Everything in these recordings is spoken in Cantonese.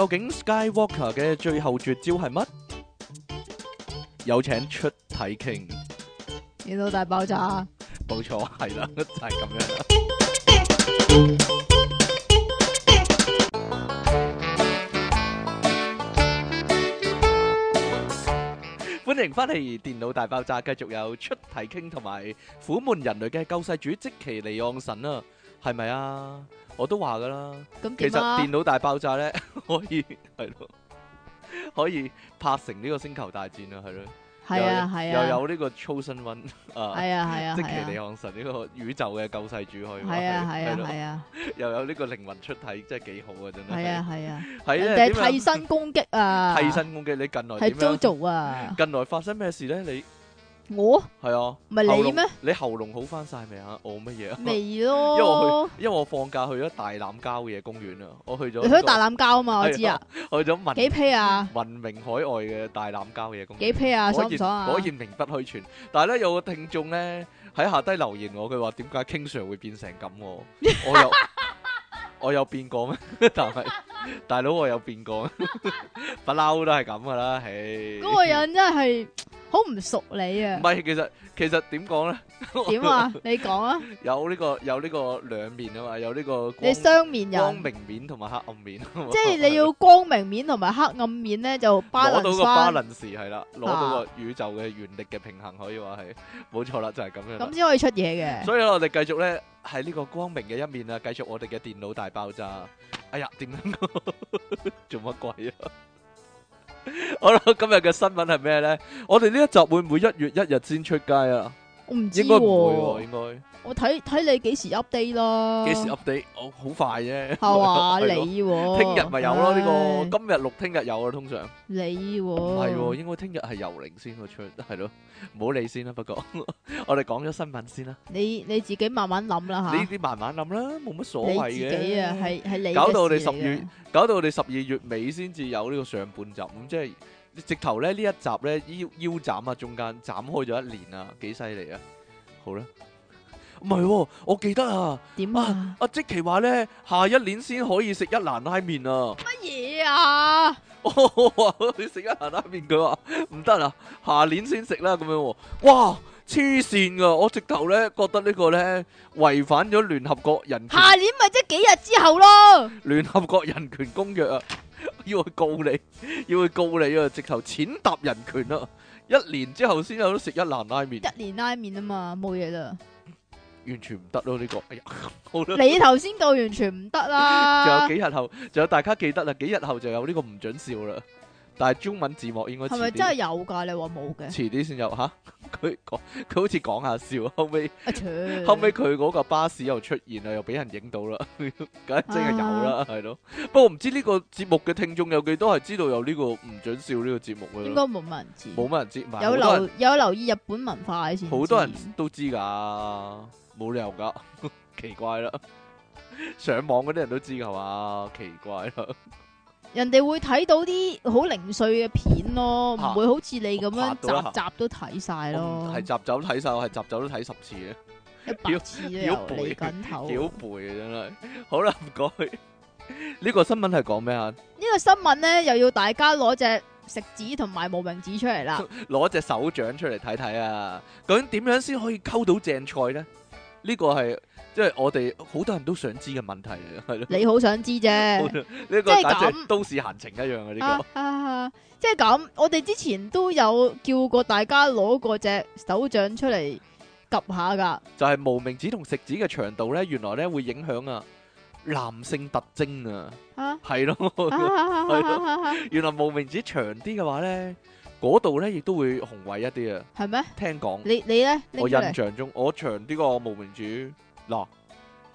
究竟 Skywalker 嘅最後絕招係乜？有請出題 k i n 電腦大爆炸。冇錯，係啦，就係、是、咁樣。 歡迎翻嚟《電腦大爆炸》，繼續有出題 k 同埋虎悶人類嘅救世主即奇離岸神啊！係咪啊？我都話㗎啦。其實電腦大爆炸咧，可以係咯，可以拍成呢個星球大戰啊，係咯。係啊係啊，又有呢個 chosen one 啊，係啊係啊，積淇離岸神呢個宇宙嘅救世主可以。係啊係啊係啊，又有呢個靈魂出體，真係幾好啊真係。係啊係啊，係啊。第替身攻擊啊，替身攻擊你近來係點樣做啊？近來發生咩事咧你？我係啊，唔係你咩？你喉嚨好翻晒未啊？我乜嘢啊？未咯。因為去，因為我放假去咗大欖郊野公園啦。我去咗。你去咗大欖郊啊嘛，我知啊。去咗文。幾批啊？聞名海外嘅大欖郊野公園。幾批啊？爽唔爽啊？果然名不虛傳，但係咧有個聽眾咧喺下低留言我，佢話點解 King Sir 會變成咁？我我有我有變過咩？但係大佬我有變過，不嬲都係咁噶啦。唉，嗰個人真係。好唔熟你啊！唔係，其實其實點講咧？點啊？你講啊、 這個！有呢個有呢個兩面啊嘛，有呢個你雙面有光明面同埋黑暗面。即係 你要光明面同埋黑暗面咧，就 balance，攞到個 balance 係啦，攞到個宇宙嘅原力嘅平衡，可以話係冇錯啦，就係、是、咁樣。咁先可以出嘢嘅。所以我哋繼續咧喺呢個光明嘅一面啊，繼續我哋嘅電腦大爆炸。哎呀，點樣 做乜鬼啊！好啦， 今日嘅新聞係咩呢？我哋呢一集會唔會一月一日先出街啊？我唔知，啊，應該啊，應該唔會，應該。我睇睇你幾時 update 咯？幾時 update？哦、好快啫。吓你？聽日咪有咯？呢的、這個今日錄，聽日有咯。通常你、啊？係、啊、應該聽日係游靈先、啊、出，係咯？唔好理先啦、啊。不過 我哋講咗新聞先啦、啊。你你自己慢慢諗啦吓。你啲慢慢諗啦，冇乜所謂嘅。啊，係係你搞到我哋十月，搞到我哋十二月尾先至有呢個上半集咁，即係、就是、直頭咧呢一集咧腰腰斬啊，中間斬開咗一年啊，幾犀利啊！好啦。好唔係、哦，我記得啊。點啊？阿、啊、積淇話咧，下一年先可以食一蘭拉麵啊。乜嘢啊？你食 一蘭拉麵，佢話唔得啦，下年先食啦咁樣。哇，黐線噶！我直頭咧覺得個呢個咧違反咗聯合國人權。下年咪即係幾日之後咯？聯合國人權公約啊， 要去告你，要去告你啊！直頭踐踏人權啦、啊！一年之後先有得食一蘭拉麵。一年拉麵啊嘛，冇嘢啦。完全唔得咯呢個，哎好你頭先講完全唔得啦。仲 有幾日後，仲有大家記得啦，幾日後就有呢個唔准笑啦。但係中文字幕應該係咪真係有噶你話冇嘅，遲啲先有吓。佢講佢好似講下笑，後尾，啊、後尾佢嗰個巴士又出現啦，又俾人影到啦，梗 係真係有啦，係咯、啊。我不過唔知呢個節目嘅聽眾有幾多係知道有呢個唔准笑呢個節目嘅？應該冇乜人知，冇乜人知。有留有留意日本文化嘅，先好多人都知噶。冇理由噶， 奇怪啦了笑！上網嗰啲人都知噶嘛，奇怪啦 了！人哋會睇到啲好零碎嘅片咯，唔、啊、會好似你咁樣集集都睇晒咯。係集集都睇晒，我係集集都睇十次嘅，一百次啊！屌你枕頭，屌背啊！真係好啦，唔該。呢個新聞係講咩啊？呢個新聞咧，又要大家攞隻食指同埋無名指出嚟啦，攞隻手掌出嚟睇睇啊！究竟點樣先可以溝到正菜咧？呢個係即係我哋好多人都想知嘅問題嚟，係咯？你好想知啫，呢 個簡直都市閒情一樣啊！呢個即係咁，我哋之前都有叫過大家攞過隻手掌出嚟 𥄫 下噶，就係無名指同食指嘅長度咧，原來咧會影響啊男性特徵啊，係咯，係、啊啊啊、 咯，啊啊啊啊、原來無名指長啲嘅話咧。嗰度咧亦都會宏偉一啲啊！係咩？聽講你你咧，我印象中我長啲個無名主嗱，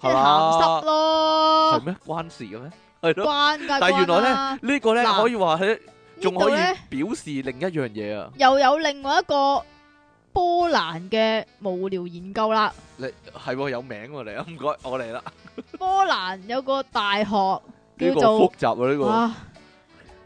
鹹濕咯係咩？關事嘅咩？係咯，關噶關啊！但係原來咧呢個咧可以話喺，仲可以表示另一樣嘢啊！又有另外一個波蘭嘅無聊研究啦！你係有名嚟啊！唔該，我嚟啦！波蘭有個大學叫做複雜啊呢個。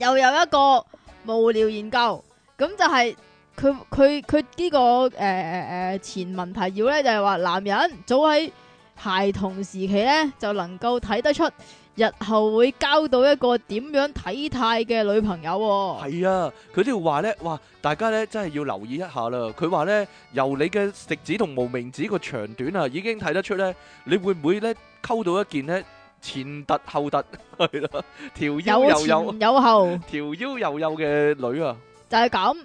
又有一個無聊研究，咁就係佢佢佢呢個誒誒誒前文提要咧，就係話男人早喺孩童時期咧，就能夠睇得出日後會交到一個點樣體態嘅女朋友喎。係啊，佢呢條話咧，哇！大家咧真係要留意一下啦。佢話咧，由你嘅食指同無名指個長短啊，已經睇得出咧，你會唔會咧溝到一件咧？前凸後凸係咯，條腰又右有有後 條右右、啊，條腰又幼嘅女啊，就係咁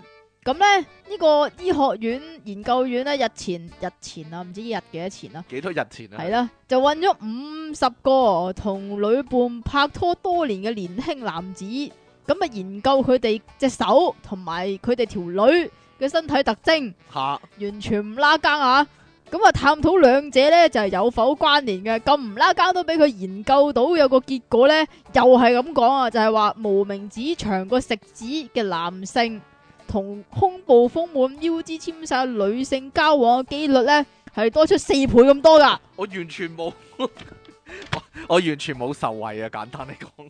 咁咧。呢個醫學院研究院咧，日前日前啊，唔知依日幾多前啊，幾多日前啊，係啦、啊，就揾咗五十個同女伴拍拖多年嘅年輕男子，咁啊研究佢哋隻手同埋佢哋條女嘅身體特徵，吓哈完全唔拉更啊！咁啊，探討兩者咧就係有否關聯嘅。咁唔拉交都俾佢研究到有個結果咧，又係咁講啊，就係話無名指長過食指嘅男性，同胸部豐滿腰肢纖細女性交往嘅幾率咧係多出四倍咁多噶 。我完全冇，我完全冇受惠啊！簡單嚟講，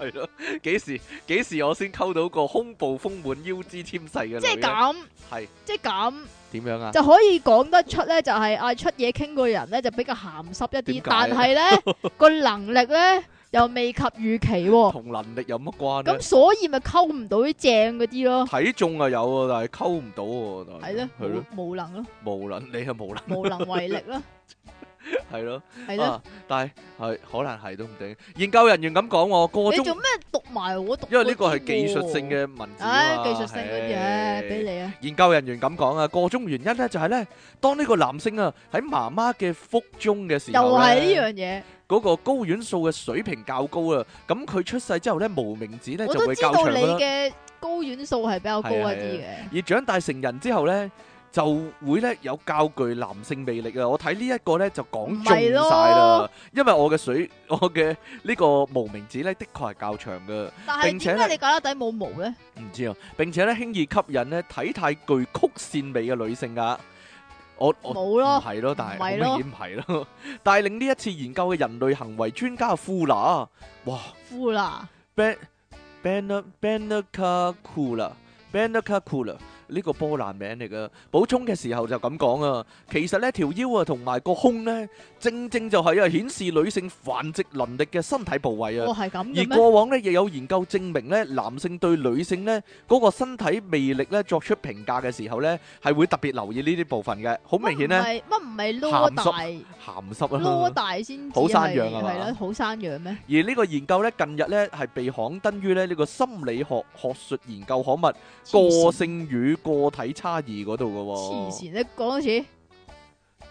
係 咯，幾時幾時我先溝到個胸部豐滿腰肢纖細嘅？即係咁，係，即係咁。點樣啊？就可以講得出咧，就係、是、啊出嘢傾個人咧，就比較鹹濕一啲，但係咧個能力咧又未及預期喎、哦。同 能力有乜關咧？咁所以咪溝唔到啲正嗰啲咯。睇中啊有，但係溝唔到。但係咯係咯，無能咯，無能，你係無能，無能為力啦。 係咯，係咯，但係係可能係都唔定。研究人員咁講，我個中你做咩讀埋我讀？因為呢個係技術性嘅問題啊，技術性嘅嘢俾你啊。研究人員咁講啊，個中原因咧就係咧，當呢個男性啊喺媽媽嘅腹中嘅時候，又係呢樣嘢。嗰個睾丸素嘅水平較高啊，咁佢出世之後咧，無名指咧就會較長噶啦。我都知道你嘅睾丸素係比較高一啲嘅，而長大成人之後咧。就會咧有較具男性魅力啊！我睇呢一個咧就講中曬啦，因為我嘅水我嘅呢個無名指咧的確係較長嘅。但係因為你腳底冇毛咧，唔知啊！並且咧輕易吸引咧體態具曲線美嘅女性㗎。我冇咯，唔係咯，但係唔會點係咯。帶領呢一次研究嘅人類行為專家庫拉，哇！庫拉，Ben Ben Benacula Benacula。呢個波蘭名嚟噶，補充嘅時候就咁講啊。其實咧條腰啊同埋個胸咧，正正就係啊顯示女性繁殖能力嘅身體部位啊。哦，係咁嘅咩？而過往咧亦有研究證明咧，男性對女性咧嗰個身體魅力咧作出評價嘅時候咧，係會特別留意呢啲部分嘅。好明顯咧，乜唔係攞大鹹濕，鹹濕啦，攞大先好生養啊嘛，係咯，好生養咩？而呢個研究咧近日咧係被刊登於咧呢個心理學學術研究刊物《個性與》。個體差異嗰度噶喎，黐線你講多次。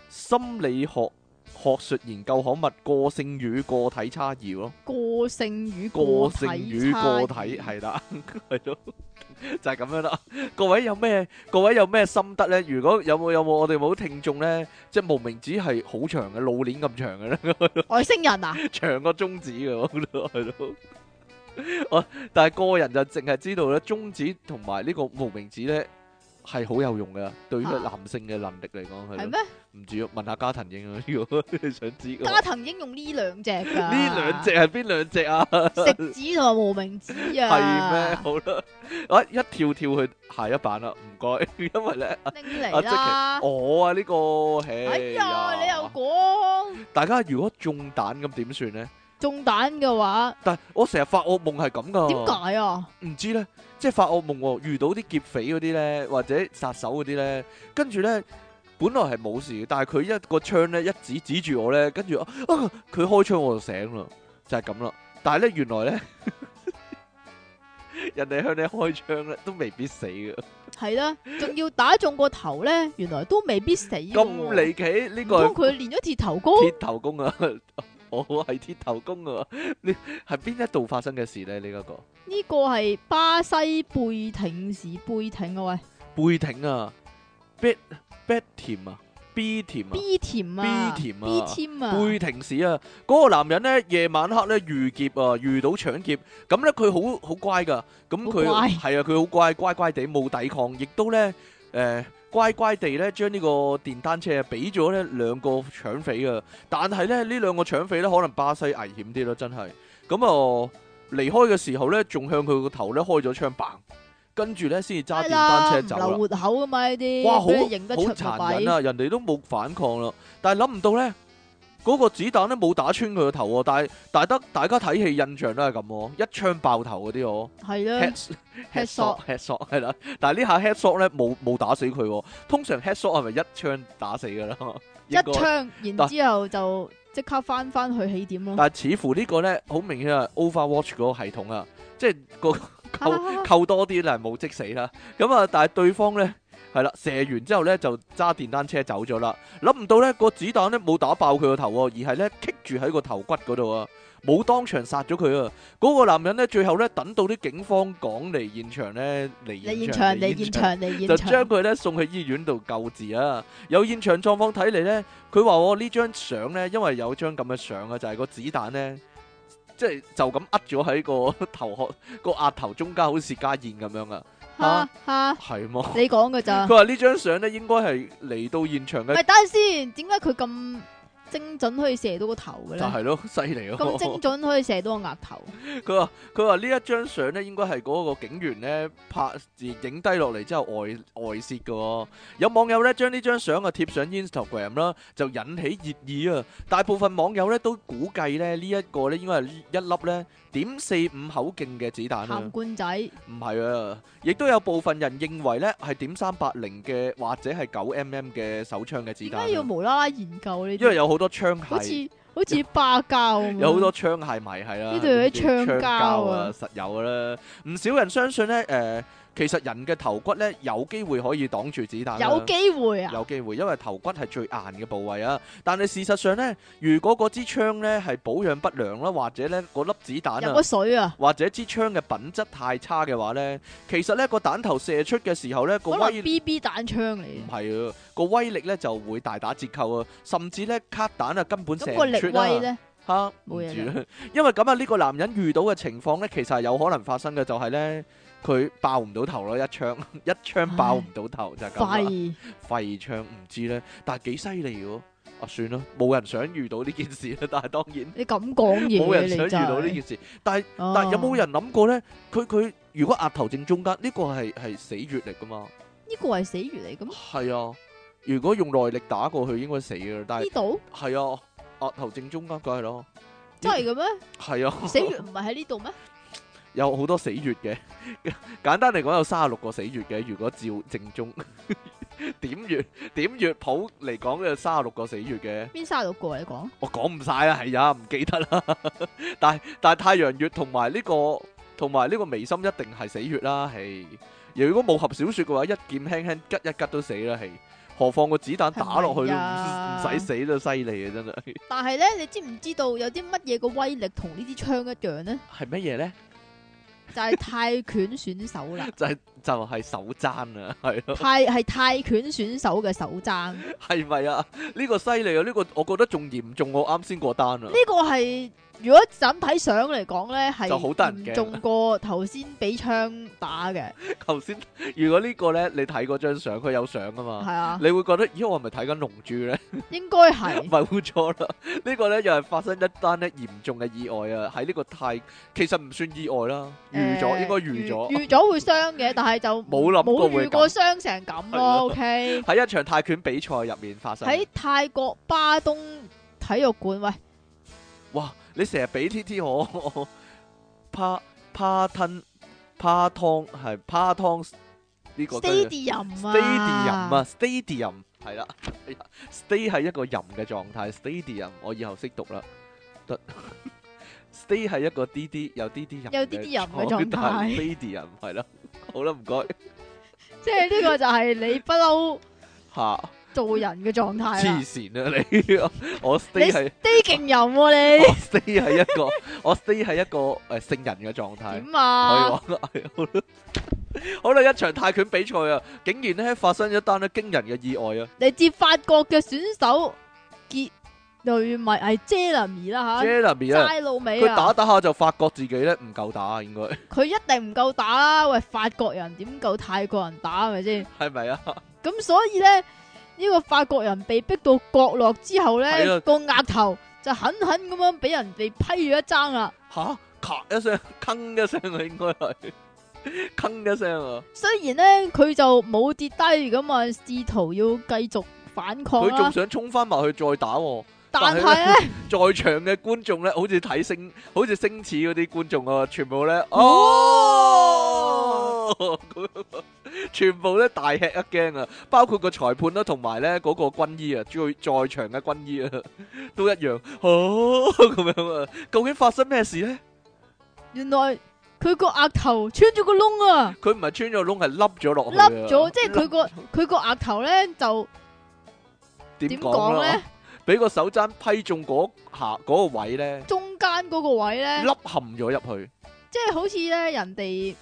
心理學學術研究項目，個性與個體差異咯。個性與個體差異係啦，係咯，就係咁樣啦。各位有咩？各位有咩心得咧？如果有冇有冇我哋冇聽眾咧？即係無名指係好長嘅，老鏈咁長嘅咧。外星人啊？長個中指嘅，係咯。我但係個人就淨係知道咧，中指同埋呢個無名指咧，係好有用嘅，對於男性嘅能力嚟講係。係咩？唔住要問下加藤鷹啊，如果你想知。加藤鷹用呢兩隻噶。呢兩隻係邊兩隻啊？食指同埋無名指啊。係咩？好啦，我一跳跳去下一版啦，唔該。因為咧，阿積淇，我啊呢個，哎呀，你又講。大家如果中彈咁點算咧？中彈嘅話，但係我成日發惡夢係咁噶。點解啊？唔知咧，即係發惡夢，遇到啲劫匪嗰啲咧，或者殺手嗰啲咧，跟住咧本來係冇事嘅，但係佢一個槍咧一指指住我咧，跟住啊佢開槍我就醒啦，就係咁啦。但係咧原來咧，人哋向你開槍咧都未必死嘅，係啦，仲要打中個頭咧，原來都未必死。咁離奇呢個，當佢練咗鐵頭功，鐵頭功啊！我係鐵頭功啊！你係邊一度發生嘅事咧？呢個呢個係巴西貝挺市貝挺啊！喂，貝挺啊，B，B 甜啊，B 甜啊，B 甜啊，B 甜啊，貝挺市啊！嗰個男人咧，夜晚黑咧遇劫啊，遇到搶劫，咁咧佢好好乖噶，咁佢係啊，佢好乖，乖乖地冇抵抗，亦都咧。誒，乖乖地咧，將呢個電單車啊俾咗咧兩個搶匪噶，但係咧呢兩個搶匪咧可能巴西危險啲咯，真係。咁啊離開嘅時候咧，仲向佢個頭咧開咗槍棒，跟住咧先至揸電單車走啦。係啦，留活口啊嘛呢啲，哇好好殘忍啊，託人哋都冇反抗啦，但係諗唔到咧。嗰個子彈咧冇打穿佢個頭喎，但係但得大家睇戲印象都係咁喎，一槍爆頭嗰啲哦。係啦，headshot，headshot 係啦，但係呢下 headshot 咧冇冇打死佢喎。通常 headshot 係咪一槍打死噶啦？一槍， 該然之後就即刻翻翻去起點咯。但係似乎個呢個咧好明顯係 Overwatch 嗰個系統個啊，啊，即係個扣扣多啲就係冇即死啦。咁啊，但係對方咧。係啦，射完之後咧就揸電單車走咗啦。諗唔到咧個子彈咧冇打爆佢個頭，而係咧棘住喺個頭骨嗰度啊，冇當場殺咗佢啊。嗰個男人咧最後咧等到啲警方趕嚟現場咧嚟現場現場，現場就將佢咧送去醫院度救治啊。有現場狀況睇嚟咧，佢話我張呢張相咧，因為有張咁嘅相啊，就係、是、個子彈咧，即係就咁呃咗喺個頭殼個額頭中間好似加燕咁樣啊。吓吓，係嘛？你講㗎咋？佢話呢張相咧，應該係嚟到現場嘅。唔係，等先，點解佢咁？精準可以射到個頭嘅咧，就係咯，犀利咯。咁精準可以射到個額頭？佢話佢話呢一張相咧，應該係嗰個警員咧，拍影低落嚟之後外外洩嘅。有網友咧將呢張相啊，貼上 Instagram 啦，就引起熱議啊。大部分網友咧都估計咧呢一個咧應該係一粒咧點四五口徑嘅子彈。彈罐仔？唔係啊，亦都有部分人認為咧係點三八零嘅，或者係九 mm 嘅手槍嘅子彈。點解要無啦啦研究呢？因為有好多。多槍械，好似好似巴膠，有好多槍械咪係啦，呢度有啲槍膠啊，實有啦，唔少人相信咧誒。呃其實人嘅頭骨咧有機會可以擋住子彈，有機會啊，有機會，因為頭骨係最硬嘅部位啊。但係事實上呢，如果嗰支槍呢係保養不良啦，或者呢嗰粒子彈，入乜水啊，或者支槍嘅品質太差嘅話呢，其實呢個彈頭射出嘅時候呢，個威力，B B 彈槍嚟嘅，唔係啊個威力咧就會大打折扣啊，甚至咧卡彈啊根本射唔出啦。吓冇嘢，因為咁啊呢個男人遇到嘅情況呢，其實係有可能發生嘅，就係呢。佢爆唔到頭咯，一槍一槍爆唔到頭就係咁啦，廢槍唔知咧，但係幾犀利喎！啊，算啦，冇人想遇到呢件事啦，但係當然你咁講嘢，冇人想遇到呢件事，但係但係有冇人諗過咧？佢佢如果額頭正中間，呢個係係死穴嚟噶嘛？呢個係死穴嚟噶嘛？係啊，如果用內力打過去，應該死噶啦。但係呢度係啊，額頭正中間，梗係咯，真係嘅咩？係啊，死穴唔係喺呢度咩？有好多死穴嘅，簡單嚟講有三十六個死穴嘅。如果照正宗 點穴，點穴譜嚟講有三十六個死穴嘅。邊三十六個？你講我講唔晒啊，係呀，唔記得啦。 但係但係太陽穴同埋呢個同埋呢個眉心一定係死穴啦。係、啊、如果武俠小說嘅話，一劍輕輕吉一吉都死啦。係何況個子彈打落去唔使、啊、死都犀利啊！真係。但係咧，你知唔知道有啲乜嘢個威力同呢支槍一樣呢？係乜嘢呢？就係泰拳選手啦。就係手踭，啊，係咯，係係泰拳選手嘅手踭，係咪 啊？呢、這個犀利啊！呢、這個我覺得仲嚴重，我啱先過單過 啊。呢個係如果就咁睇相嚟講咧，係就好得人驚，重過頭先俾槍打嘅。頭先如果呢個咧，你睇嗰張相，佢有相噶嘛？係啊，你會覺得咦？我係咪睇緊龍珠咧？ 應該係唔係污錯啦。 這個、呢個咧又係發生一單咧嚴重嘅意外啊！喺呢個泰，其實唔算意外啦，預咗、呃、應該預咗，預咗會傷嘅，但係。 就冇諗過會咁，冇遇過傷成咁咯。O K，喺一場泰拳比賽入面發生。喺泰國巴東體育館，喂，哇！你成日俾 T T 我，趴趴吞趴湯係趴湯，呢個 steady 人啊，steady 人啊，steady 人係啦，stay 係一個人嘅狀態，steady 人我以後識讀啦，stay 係一個啲啲有啲啲有啲啲人嘅狀態，steady 人係咯。.好啦，唔該。即係呢個就係你不嬲吓做人嘅狀態。黐線啊你，我 stay 係 stay 勁人喎你。stay 係一個，我 stay 係一個誒聖人嘅狀態。點啊？可以玩啊，係好啦。好啦，一場泰拳比賽啊，竟然咧發生咗一單咧驚人嘅意外啊！嚟自法國嘅選手杰。對，咪係 Jeremy 啦，吓，齋老尾，佢打打下就發覺自己咧唔夠打，應該佢一定唔夠打啦。喂，法國人點夠泰國人打係咪先？係咪啊？咁、啊、所以咧，呢、這個法國人被逼到角落之後咧，個額、啊、頭就狠狠咁樣俾人哋批咗一爭啦。吓，咔一聲，鏗一聲啊，聲聲應該係鏗一聲啊。雖然咧，佢就冇跌低咁啊，試圖要繼續反抗。佢仲想衝翻埋去再打、啊。但係咧，在場嘅觀眾咧，好似睇星，好似星矢嗰啲觀眾啊，全部咧，哦，全部咧大吃一驚啊！包括個裁判啦，同埋咧嗰個軍醫啊，主要在場嘅軍醫啊，都一樣哦，咁樣啊！究竟發生咩事咧？原來佢個額頭穿咗個窿啊！佢唔係穿咗個窿，係凹咗落嚟。凹咗，即係佢個佢個額頭咧就點講咧？俾個手踭批中嗰下嗰、嗰個位咧，中間嗰個位咧，凹陷咗入去，即係好似咧，人哋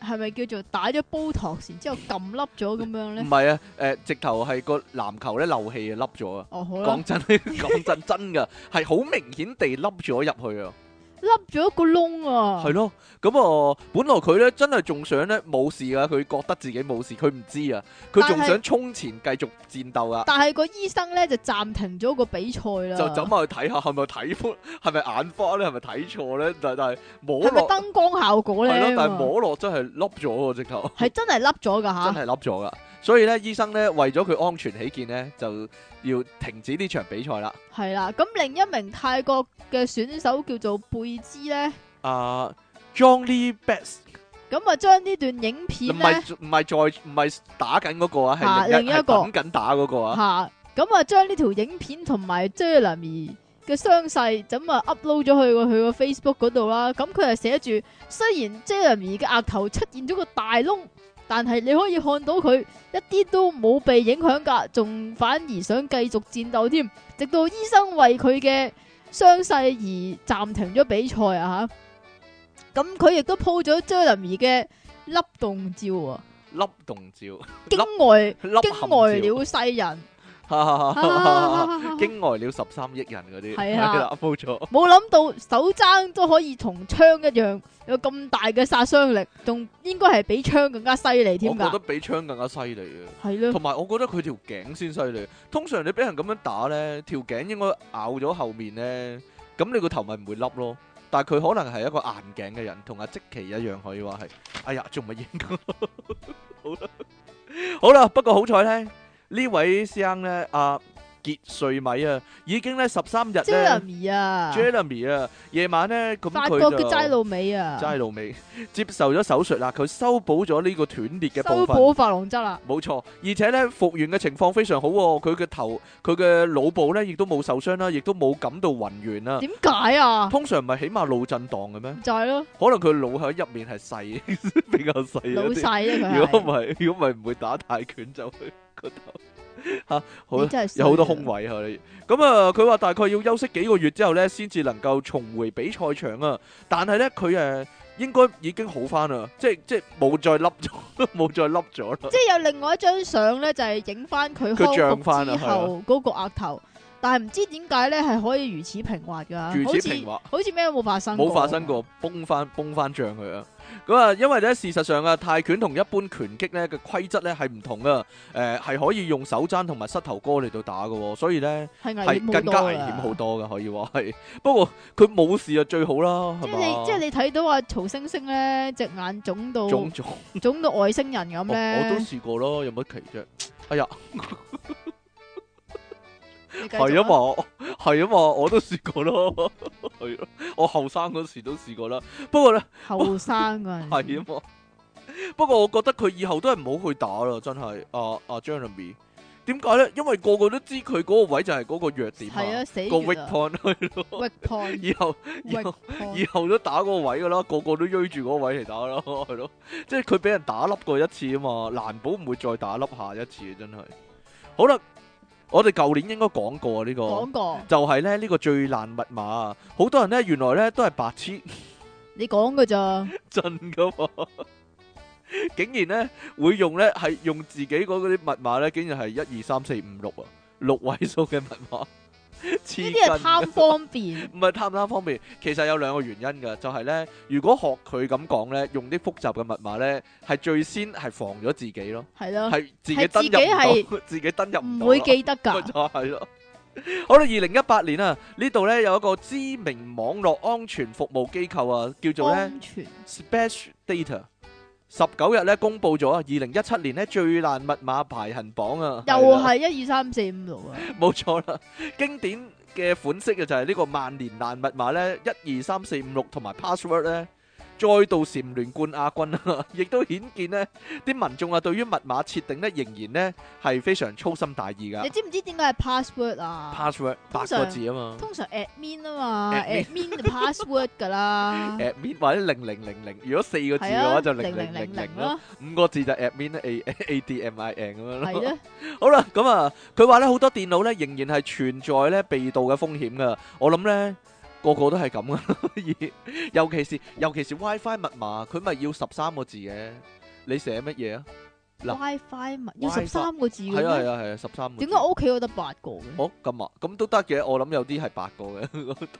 係咪叫做打咗煲托，然之後撳凹咗咁樣咧？唔係、呃、啊，誒、呃、直頭係個籃球咧漏氣啊、凹咗啊、哦！講真，講真真㗎，係好明顯地凹咗入去啊！凹咗一個窿啊！係咯，咁啊，本來佢咧真係仲想咧冇事噶，佢覺得自己冇事，佢唔知啊，佢仲想衝前繼續戰鬥啊！但係個醫生咧就暫停咗個比賽啦。就走埋去睇下係咪睇係咪眼花咧，係咪睇錯咧？但但係摸落係咪燈光效果咧。係咯，但係摸落真係凹咗個直頭。係真係凹咗噶吓。真係凹咗噶所以咧，醫生咧，為咗佢安全起見咧，就要停止呢場比賽啦。係啦，咁另一名泰國嘅選手叫做貝茲咧，啊 Johnny Bates，咁啊將呢段影片唔係唔係再唔係打緊嗰個啊，係另、啊、另一個緊打嗰個啊。嚇，咁啊將呢條影片同埋 Jeremy 嘅傷勢，咁啊 upload 咗去個去個 Facebook 嗰度啦。咁佢係寫住，雖然 Jeremy 嘅額頭出現咗個大窿。但係你可以看到佢一啲都冇被影響噶，仲反而想繼續戰鬥添，直到醫生為佢嘅傷勢而暫停咗比賽啊！吓，咁佢亦都鋪咗張林儀嘅凹洞照啊，凹洞照，驚呆粒驚呆了世人。吓吓吓吓吓吓！驚呆了十三億人。嗰啲係啊，冇錯，冇諗到手踭都可以同槍一樣有咁大嘅殺傷力，仲應該係比槍更加犀利添噶。我覺得比槍更加犀利啊，係咯。同埋我覺得佢條頸先犀利，通常你俾人咁樣打咧，條頸應該咬咗後面咧，咁你個頭咪唔會凹咯。但係佢可能係一個硬頸嘅人，同阿積淇一樣可以話係。哎呀，仲咪贏，好啦，好啦，不過好彩咧。呢位生咧阿杰瑞米啊，已經咧十三日。Jeremy 啊，Jeremy 啊，夜晚咧，咁佢法國嘅齋路尾啊，齋路尾接受咗手術啦，佢修補咗呢個斷裂嘅部分，修補發廊質啦，冇錯。而且咧，復原嘅情況非常好哦，佢嘅頭，佢嘅腦部咧亦都冇受傷啦，亦都冇感到暈眩啦。點解啊？通常唔係起碼腦震盪嘅咩？就係咯，可能佢腦喺入面係細，比較細。老細啊！佢如果唔係，如果唔係唔會打泰拳就去。吓， 啊欸，好有好多空位佢。咁啊，佢話、嗯呃、大概要休息幾個月之後咧，先至能夠重回比賽場啊。但係呢，佢誒、呃，應該已經好翻啦，即係即係冇再凹，凹，冇 再凹咗即係有另外一張相呢，就係影翻佢康復之後個額頭，啊，但係唔知點解呢，係可以如此平滑噶，如此平滑好像，好似咩冇發生過，冇發生過，崩翻崩翻漲佢啊！咁啊，因為咧，事實上啊，泰拳同一般拳擊咧嘅規則咧係唔同啊，誒、呃，係可以用手踭同埋膝頭哥嚟到打噶，所以咧係更加危險好多噶，可以話係。 不過佢冇事啊，最好啦。即係你吧即係你睇到阿曹星星咧，隻眼腫到腫腫腫了笑到外星人咁咧。我都試過咯，有乜奇啫？哎呀！ 係啊嘛，係啊嘛，我都試過咯，係 咯，我後生嗰時都試過啦。不過咧，後生嘅係啊嘛。不過我覺得佢以後都係唔好去打啦，真係。阿、啊、阿、啊、Jeremy，點解咧？因為個個都知佢嗰個位就係嗰個弱點啊，死個 weak point 去咯，weak point。以後，ick 以後，以後都打嗰個位噶啦，個個都追住嗰個位嚟打咯，係咯。即係佢俾人打笠過一次啊嘛，難保唔會再打笠下一次啊！真係。好啦。我哋舊年應該講過呢、這個，講過就係咧呢、這個最爛密碼啊！好多人咧原來咧都係白痴，你講嘅咋？真噶， 竟然咧會用咧係用自己嗰啲密碼咧，竟然係一二三四五六啊，六位數嘅密碼。呢啲係貪方便，唔係貪唔貪方便。其實有兩個原因噶，就係咧，如果學佢咁講咧，用啲複雜嘅密碼咧，係最先係防咗自己咯，係咯，係自己登入唔到，自己登入唔會記得噶，就係咯。好啦，二零一八年啊，呢度咧有一個知名網絡安全服務機構啊，叫做咧安全，SplashData。十九日咧，公布咗啊！二零一七年咧最爛密碼排行榜啊，又係一二三四五六啊，冇錯啦，經典嘅款式嘅就係呢個萬年爛密碼咧，一二三四五六同埋 password 咧。再度蟬聯冠亞軍啊！亦都顯見咧，啲民眾啊，對於密碼設定咧，仍然咧係非常粗心大意噶。你知唔知點解係 password 啊？password 八個字啊嘛。通常 admin 啊嘛。admin 就 password 噶啦。admin 或者零零零零，如果四個字嘅話就零零零零咯。五個字就 admin a a d m i n 咁樣咯。係啊。好啦，咁啊，佢話咧好多電腦咧仍然係存在咧被盜嘅風險噶。我諗咧。個個都係咁啊，尤其是尤其是 WiFi 密碼，佢咪要十三個字嘅，你寫乜嘢啊？啦 WiFi 咪要十三個字嘅咩？係啊係啊係啊，十三。點解我屋企有得八個嘅？哦咁啊，咁、哦啊、都得嘅。我諗有啲係八個嘅。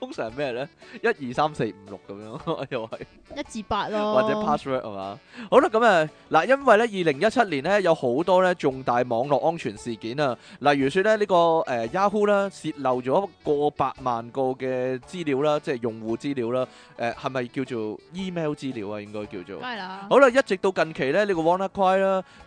通常係咩咧？一二三四五六咁樣，又係一至八咯。或者 password 係嘛？好啦，咁啊嗱，因為咧，二零一七年咧有好多咧重大網絡安全事件啊，例如說咧呢、這個誒、呃、Yahoo 啦，泄漏咗過百萬個嘅資料啦，即係用戶資料啦。誒、呃，係咪叫做 email 資料啊？應該叫做係啦。好啦，一直到近期咧，呢、這個 WannaCry 啦。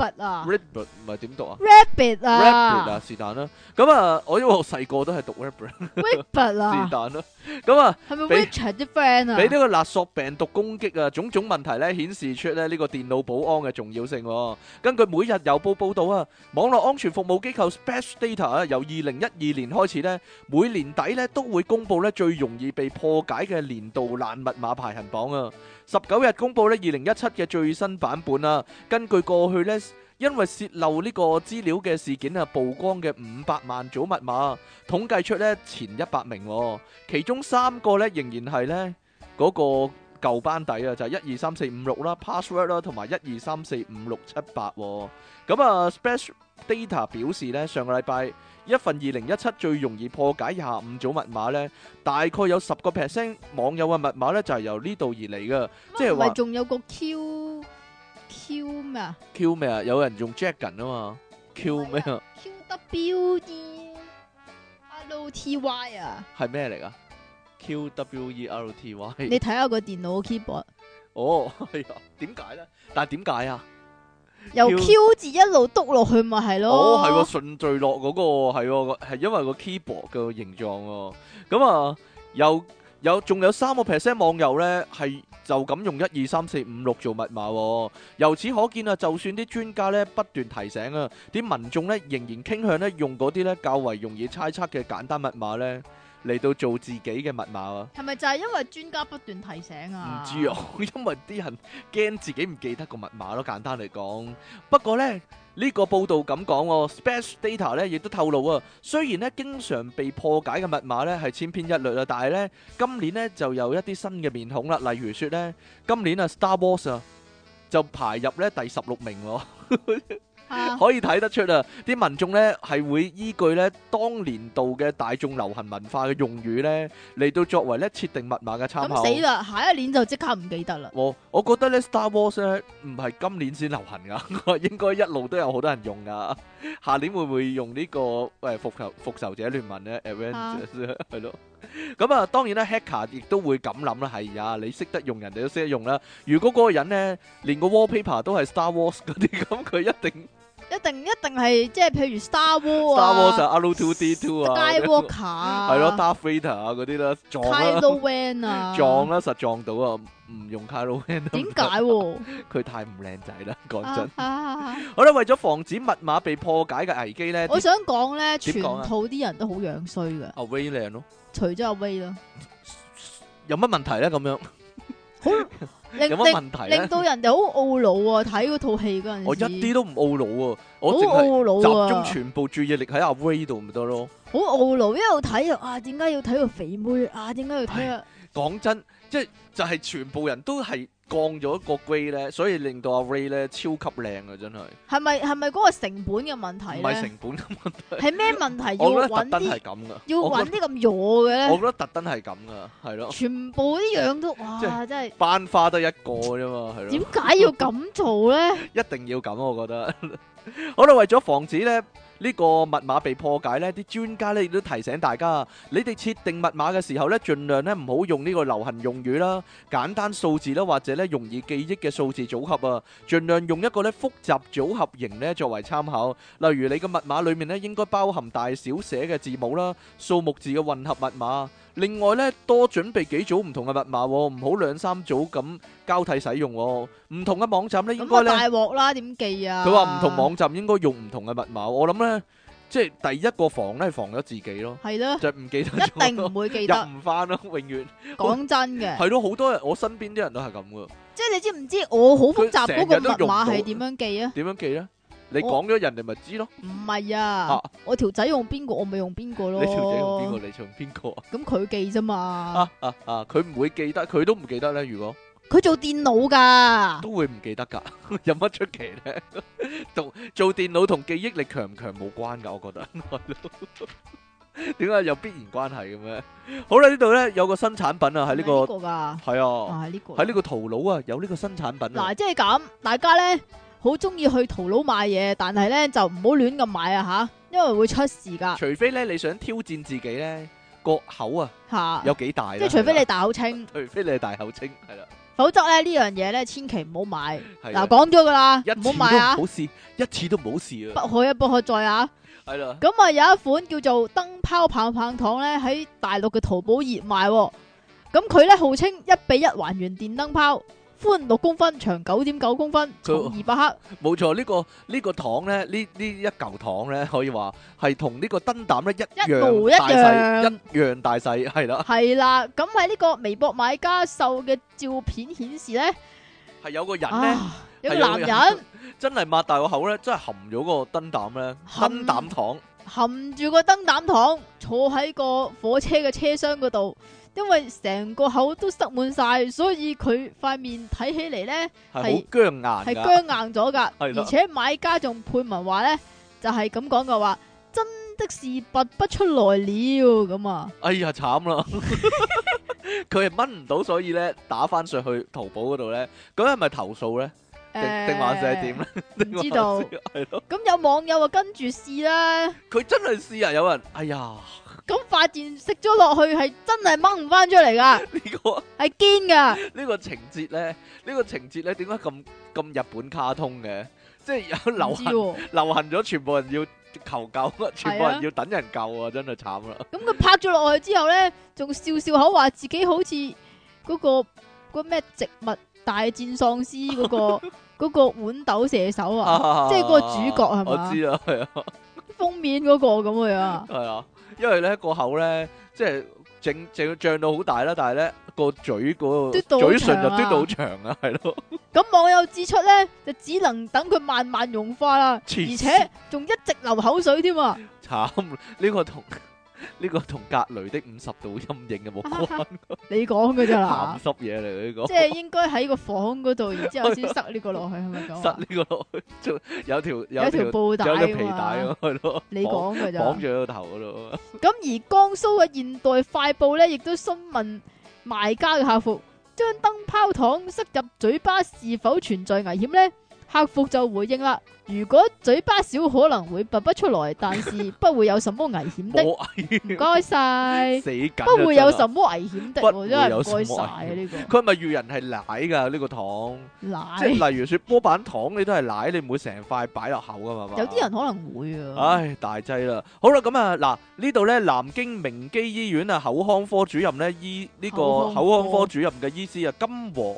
拔啊！rabbit 唔係點讀啊？rabbit 啊！rabbit 啊，是但啦。咁啊，我因為我細個都係讀 rabbit，是但啦。咁啊，係咪 richard 啲 friend 啊？俾呢個勒索病毒攻擊啊，種種問題咧，顯示出咧呢個電腦保安嘅重要性。根據每日郵報報道啊，網絡安全服務機構 Special Data 啊，由二零一二年開始咧，每年底咧都會公布咧最容易被破解嘅年度爛密碼排行榜啊。十九日公布咧二零一七嘅最新版本啊。根據過去咧。因為洩露呢個資料嘅事件啊，曝光嘅五百萬組密碼，統計出咧前一百名，其中三個咧仍然係咧嗰個舊班底啊，就係一二三四五六啦，password 啦，同埋一二三四五六七八。咁啊，special data 表示咧，上個禮拜一份二零一七最容易破解廿五組密碼咧，大概有十個 percent 網友嘅密碼咧就係由呢度而嚟嘅，即係話。唔係仲有個 Q？Q 咩啊？Q 咩啊？有人用 Jacking 啊嘛？Q 咩啊？QWERTY 啊？係咩嚟㗎？QWERTY，你睇下個電腦 keyboard。哦，係啊。點解咧？但係點解啊？由 Q 字一路督落去咪係咯？哦，係喎，順序落嗰個係，係因為個 keyboard 嘅形狀哦。咁啊，有有仲有三個 percent 網友咧係。就咁用一二三四五六做密碼喎，由此可見啊，就算啲專家咧不斷提醒啊，啲民眾咧仍然傾向咧用嗰啲咧較為容易猜測嘅簡單密碼咧嚟到做自己嘅密碼啊。係咪就係因為專家不斷提醒啊？唔知啊，因為啲人驚自己唔記得個密碼咯，啊，簡單嚟講。不過咧。呢個報道咁講喎，Special Data 咧亦都透露啊，雖然咧經常被破解嘅密碼咧係千篇一律啊，但係咧今年咧就有一啲新嘅面孔啦，例如說咧今年啊 Star Wars 啊就排入咧第十六名喎。 可以睇得出啊！啲民眾咧係會依據咧當年度嘅大眾流行文化嘅用語咧嚟到作為咧設定密碼嘅參考。咁死啦！下一年就即刻唔記得啦。我我覺得咧《Star Wars》唔係今年先流行㗎，應該一路都有好多人用㗎。下年會唔會用呢個誒復仇復仇者聯盟咧？Avengers 係咯。咁啊，當然啦，Hacker 亦都會咁諗啦。係啊，你識得用人哋都識得用啦。如果嗰個人咧連個 wallpaper 都係 Star Wars 嗰啲，咁佢一定。一定一定係即係譬如 Star Wars 啊，Star Wars 就 R2D2 啊，Skywalker 係咯，Darth Vader 啊嗰啲啦，撞啦，Kylo Ren 啊，撞啦實撞到啊，唔用 Kylo Ren 點解？佢太唔靚仔啦，講真。好啦，為咗防止密碼被破解嘅危機咧，我想講咧，全套啲人都好樣衰嘅。阿威靚咯，除咗阿威咯，有乜問題咧？咁樣。能有乜問題令，令到人哋好懊惱啊！睇套戲嗰陣，我一啲都唔懊惱啊！我好懊惱啊！集中全部注意力喺阿 Ray 度咪得咯？好懊惱，一路睇就啊，點解要睇個肥妹啊？點解要睇？啊？講真，即係就係、是、全部人都係。降咗個 grade 咧，所以令到阿 Ray 咧超級靚啊！真係，係咪係咪嗰個成本嘅問題咧？唔係成本嘅問題，係咩問題要揾啲？係咁噶，要揾啲咁弱嘅咧。我覺得特登係咁噶，係 咯。全部啲樣都哇，真係班花得一個啫嘛，係咯。點解要咁做咧？一定要咁，我覺得可能為咗防止咧。呢個密碼被破解，呢啲專家呢亦都提醒大家，你哋設定密碼嘅時候，呢儘量呢唔好用呢個流行用語啦，簡單數字啦，或者呢容易記憶嘅數字組合啊，儘量用一個呢複雜組合型呢作為參考。例如你嘅密碼裏面呢，應該包含大小寫嘅字母啦、數目字嘅混合密碼。另外咧，多準備幾組唔同嘅密碼，唔好兩三組咁交替使用。唔同嘅網站咧，應該咧。咁個大鑊啦，點記啊？佢話唔同網站應該用唔同嘅密碼。我諗咧，即係第一個防咧，係防咗自己咯。係咯，就唔記得咗。一定唔會記得。入唔翻咯，永遠。講真嘅。係咯，好多人，我身邊啲人都係咁噶。即係你知唔知我好複雜嗰個密碼係點樣記啊？點樣記咧？你講咗人哋咪知咯？唔係啊，啊我條仔用邊個，我咪用邊個咯。你條仔用邊個？你用邊個啊？咁佢記啫嘛。啊啊啊！佢唔會記得，佢都唔記得咧。如果佢做電腦噶，都會唔記得噶，有 乜出奇咧？同做電腦同記憶力強唔強冇關噶，我覺得。點 解有必然關係嘅咩？好啦，呢度咧有個新產品啊，喺呢個係啊，係呢個喺呢個圖腦啊，有呢個新產品。嗱、這個，即係咁，大家咧。好中意去淘佬買嘢，但係咧就唔好亂咁買啊吓，因為會出事噶。除非咧你想挑戰自己咧，個口啊，吓、啊、有幾大，即係除非你大口清，的除非你大口清係的啦，否則咧呢樣嘢咧千祈唔好買。嗱，講咗噶啦，唔好買啊，唔好試，一次都唔好試啊！不可一，不可再啊，係啦。咁啊，有一款叫做燈泡棒棒糖咧，喺大陸嘅淘寶熱賣。咁佢咧號稱一比一還原電燈泡，泡。寬六公分，長九點九公分，重二百克。冇錯，呢個呢個糖咧，呢呢一嚿糖咧，可以話係同呢個燈膽咧一樣大細，一樣大細，係啦。係啦，咁喺呢個微博買家秀嘅照片顯示咧，係有個人咧，有個男人真係擘大個口咧，真係含咗個燈膽咧，燈膽糖含住個燈膽糖，坐喺個火車嘅車廂嗰度。因為成個口都塞滿晒，所以佢塊面睇起嚟咧係好僵硬，係僵硬咗噶。 是的 而且買家仲配文話咧，就係咁講嘅話，真的是拔不出來了咁啊！哎呀，慘啦！佢係掹唔到，所以咧打返上去淘寶嗰度咧，咁係咪投訴咧？定定話事點咧？唔知道。咁有網友啊，跟住試啦。佢真係試啊！有人，哎呀～咁發箭食咗落去係真係掹唔返出嚟噶，呢個係堅噶。呢個情節咧，呢個情節咧，點解咁咁日本卡通嘅？即係有流行，流行咗，全部人要求救，全部人要等人救啊！真係慘啦。咁佢拍咗落去之後咧，仲笑笑口話自己好似嗰個咩植物大戰喪屍嗰個嗰個豌豆射手啊，即係嗰個主角係咪？我知啦，係啊，封面嗰個咁嘅樣，係啊。因為咧個口咧，即係整整個脹到好大啦，但係咧個嘴嗰個嘴唇就嘟到好長啊，係咯、啊。咁對了 網友指出咧，就只能等佢慢慢融化啦，啊、而且仲一直流口水添啊，慘！慘，呢個同。呢個同《格雷的五十度陰影》有冇關？你講嘅咋嗱？鹹濕嘢嚟呢個，即係應該喺個房嗰度，然之後先塞呢個落去，係咪講？塞呢個落去，仲有條有條布帶，有條皮帶喺度，綁住個頭嗰度。咁而江蘇嘅現代快報咧，亦都詢問賣家嘅客服，將燈泡糖塞入嘴巴是否存在危險咧？客服就回應啦：如果嘴巴小，可能會拔不出來，但是不會有什麼危險的。唔該晒，死不會有什麼危險的，真係唔該晒呢個。佢係咪粵人係奶噶呢個糖？奶，即係例如說波板糖，你都係奶，你唔會成塊擺落口噶嘛？ 吧有啲人可能會。唉，大劑啦。好啦，咁啊，嗱呢度咧，南京明基醫院啊，口腔科主任咧，醫呢個口腔科，科主任嘅醫師啊，金和。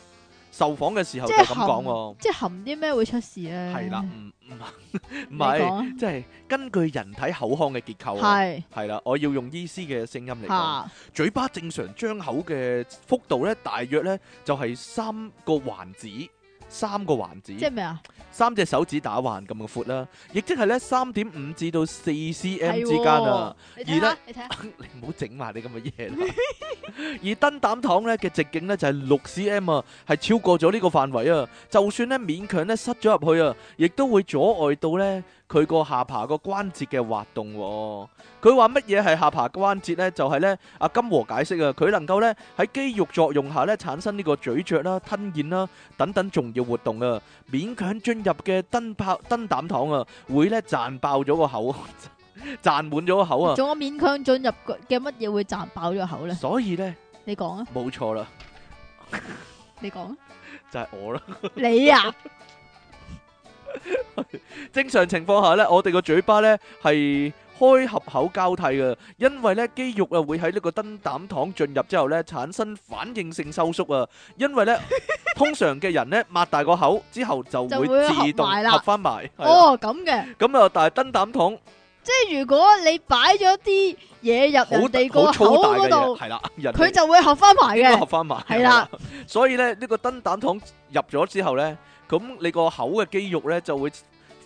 受訪嘅時候就咁講喎，即係含啲咩會出事咧？係啦，唔唔唔係，即係根據人體口腔嘅結構。係係啦，我要用醫師嘅聲音嚟講。嘴巴正常張口嘅幅度咧，大約咧就係三個環指。三個環子，即係咩啊？三隻手指打橫咁嘅闊啦，亦即係咧三點五至到四 cm 之間啊。你睇下，你睇下，你唔好整埋你咁嘅嘢啦。而燈膽糖咧嘅直徑咧就係六 cm 啊，係超過咗呢個範圍啊。就算咧勉強咧塞咗入去啊，亦都會阻礙到咧，佢個下巴個關節嘅滑動，佢話乜嘢係下巴關節咧？就係咧，阿金和解釋啊，佢能夠咧喺肌肉作用下咧產生呢個咀嚼啦、吞嚥啦等等重要活動啊。勉強進入嘅燈泡燈膽糖啊，會咧賺爆咗個口，賺滿咗個口啊！仲有勉強進入嘅乜嘢會賺爆咗口咧？所以咧，你講啊，冇錯啦，你講啊，就係我啦，你啊。正常情況下咧，我哋個嘴巴咧係開合口交替嘅，因為咧肌肉啊會喺呢個燈膽糖進入之後咧產生反應性收縮啊，因為咧通常嘅人咧擘大個口之後就會自動合翻埋。哦，咁嘅。咁啊，但係燈膽糖，即係如果你擺咗啲嘢入人哋個口嗰度，係啦，佢就會合翻埋嘅，合翻埋。係啦，所以咧呢個燈膽糖入咗之後咧。咁你個口嘅肌肉呢，就會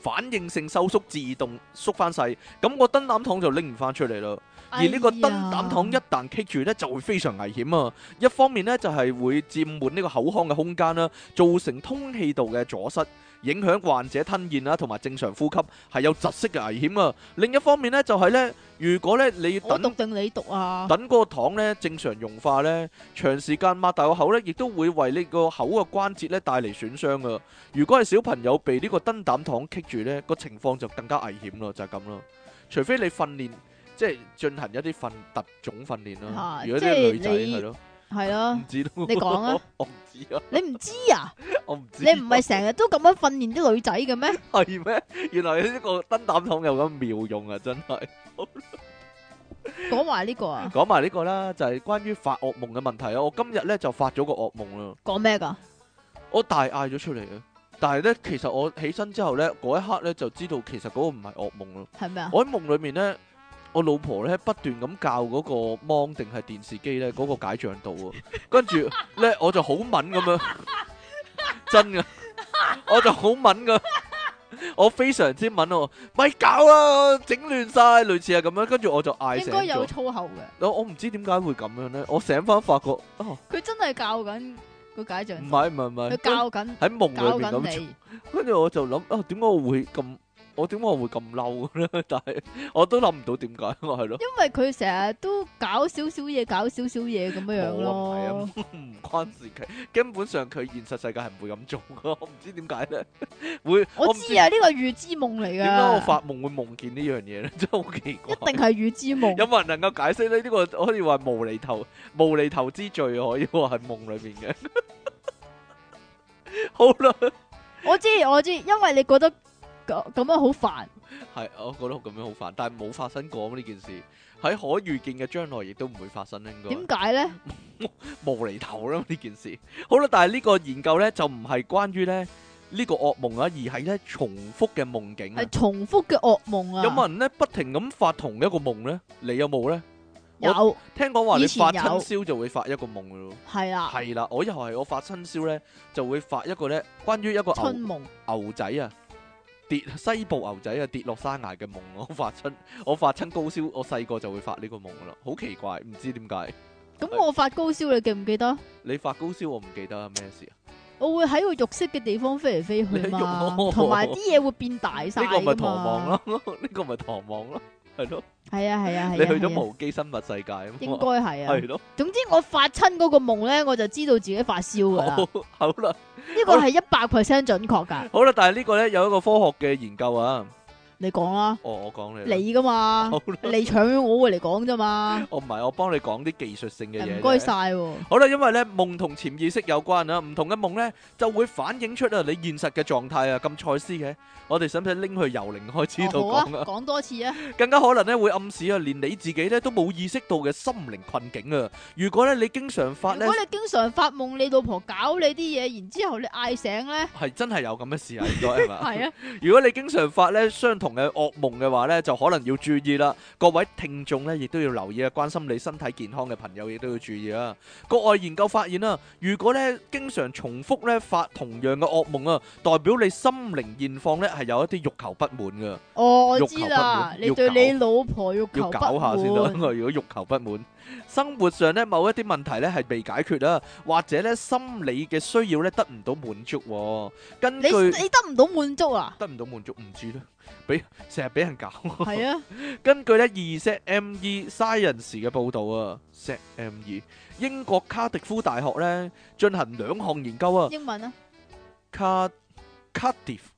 反應性收縮，自動縮翻細，咁個燈膽糖就拎唔翻出嚟咯。而呢個燈膽糖一旦棘住咧，就會非常危險啊！一方面咧就係會佔滿呢個口腔嘅空間啦，造成通氣道嘅阻塞，影響患者吞嚥啦，同埋正常呼吸係有窒息嘅危險啊！另一方面咧就係咧，如果咧你等等嗰個糖咧正常融化咧，長時間擘大個口咧，亦都會為呢個口嘅關節咧帶嚟損傷噶。如果係小朋友被呢個燈膽糖棘住咧，個情況就更加危險咯，就係咁咯。除非你訓練。即係進行一啲訓特種訓練咯。如果啲女仔係咯，係咯，唔知都你講啊，我唔知啊，你唔知啊，我唔知，你唔係成日都咁樣訓練啲女仔嘅咩？係咩？原來呢個燈膽筒有咁妙用啊！真係，講埋呢個啊，講埋呢個啦，就係關於發噩夢嘅問題啊！我今日咧就發咗個噩夢啦。講咩㗎？我大嗌咗出嚟啊！但係咧，其實我起身之後咧，嗰一刻咧就知道其實嗰個唔係噩夢咯。係咩？我喺夢裏面咧。我老婆咧不斷咁教嗰個芒定係電視機咧嗰個解像度啊，跟住咧我就好敏咁樣，真嘅，我就好敏噶，我非常之敏哦，咪搞啦，整亂曬，類似係咁樣，跟住我就嗌成。應該有粗口嘅。我我唔知點解會咁樣咧，我醒翻發覺，哦，佢真係教緊個解像。唔係唔係唔係，佢教緊喺夢裏面。跟住我就諗啊，點解我會咁？我點解會咁嬲咧？但係我都諗唔到點解，係咯？因為佢成日都搞少少嘢，搞少少嘢咁樣樣咯。唔關事，佢根本上佢現實世界係唔會咁做噶。我唔知點解咧，會我知啊，呢個預知夢嚟噶。點解我發夢會夢見呢樣嘢咧？真係好奇怪。一定係預知夢。有冇人能夠解釋咧？呢個可以話無厘頭、無厘頭之罪可以話係夢裏面嘅。好啦，我知我知，因為你覺得。咁咁樣好煩，係我覺得咁樣好煩，但係冇發生過呢件事，喺可預見嘅將來亦都唔會發生。應該點解咧？無厘頭囉！呢件事好啦，但係呢個研究咧就唔係關於咧呢個噩夢啊，而係咧重複嘅夢境啊。重複嘅噩夢啊！有冇人咧不停咁發同一個夢咧？你有冇咧？有聽講話你發親宵就會發一個夢咯。係啦，係啦，我又係我發親宵咧就會發一個咧關於一個牛夢牛仔啊。跌西部牛仔啊！跌落山崖嘅夢，我發親，我發親高燒，我細個就會發呢個夢咯，好奇怪，唔知點解。咁、嗯、是我發高燒你記唔記得？你發高燒我唔記得咩事啊？我會喺個玉色嘅地方飛嚟飛去嘛，同埋啲嘢會變大晒。呢 個咪螳螂咯，呢 個咪螳螂咯。係咯，係啊係啊係啊！你去咗無機生物世界啊？應該係啊。係咯，總之我發親嗰個夢咧，我就知道自己發燒噶啦。好啦，呢個係一百 percent 準確噶。好啦，但係呢個咧有一個科學嘅研究啊。你講啊，我我講你你噶嘛，你搶咗我會嚟講啫嘛。我唔係，我幫你講啲技術性嘅嘢。唔該晒。好啦，因為咧夢同潛意識有關啊，唔同嘅夢咧就會反映出啊你現實嘅狀態啊。咁賽斯嘅，我哋使唔使拎去游靈開始度講啊？講多次啊。更加可能咧會暗示啊，連你自己咧都冇意識到嘅心靈困境啊。如果咧你經常發咧，如果你經常發夢，你老婆搞你啲嘢，然之後你嗌醒咧，係真係有咁嘅事啊，應該係嘛？係啊。如果你經常發咧相同。同嘅噩夢嘅話呢，就可能要注意啦。各位聽眾呢，亦都要留意啊。關心你身體健康嘅朋友亦都要注意啊。國外研究發現啊，如果呢經常重複呢發同樣嘅噩夢啊，代表你心靈現況呢係有一啲欲求不滿嘅。哦、欲求不滿，你對你老婆欲求要搞，求要搞下先得。如果欲求不滿。生活上咧，某一啲問題咧係未解決啦，或者咧心理嘅需要咧得唔到滿足。根據你得唔到滿足啊？得唔到滿足唔知啦，俾成日俾人搞。係啊，根據咧 ZME Science 嘅報道啊，ZME 英國卡迪夫大學咧進行兩項研究啊。英文啊，卡卡迪夫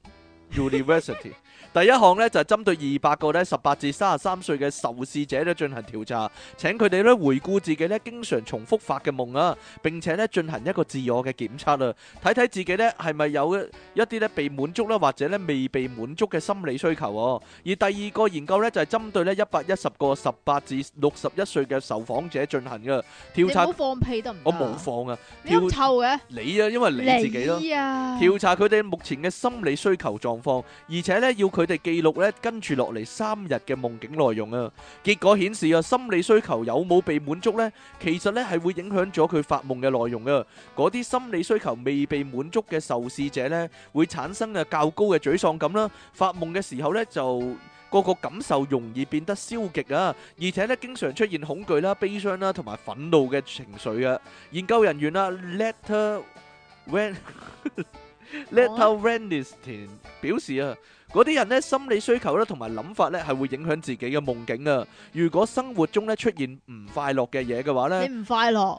University。第一項咧就係針對二百個咧十八至三十三歲嘅受試者咧進行調查，請佢哋咧回顧自己咧經常重複發嘅夢啊，並且咧進行一個自我嘅檢測啊，睇睇自己咧係咪有一啲咧被滿足啦，或者咧未被滿足嘅心理需求。而第二個研究咧就係針對咧一百一十個十八至六十一歲嘅受訪者進行嘅調查。你唔好放屁得唔得？我冇放啊！你臭嘅？你啊，因為你自己咯。調、啊、查佢哋目前嘅心理需求狀況，而且咧要佢。哋記錄咧，跟住落嚟三日嘅夢境內容啊，結果顯示啊，心理需求有冇被滿足咧？其實咧係會影響咗佢發夢嘅內容啊。嗰啲心理需求未被滿足嘅受試者咧，會產生啊較高嘅沮喪感啦。發夢嘅時候咧，就個個感受容易變得消極啊，而且咧經常出現恐懼啦、悲傷啦同埋憤怒嘅情緒啊。研究人員啊，Letter，When，Letter，Weinstein，表示啊。嗰啲人咧心理需求咧同埋諗法咧係會影響自己嘅夢境啊！如果生活中咧出現唔快樂嘅嘢嘅話咧，你唔快樂，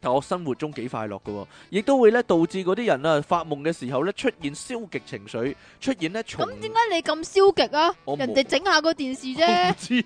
但我生活中幾快樂噶，亦都會咧導致嗰啲人啊發夢嘅時候咧出現消極情緒，出現咧從咁點解你咁消極啊？人哋整下個電視啫。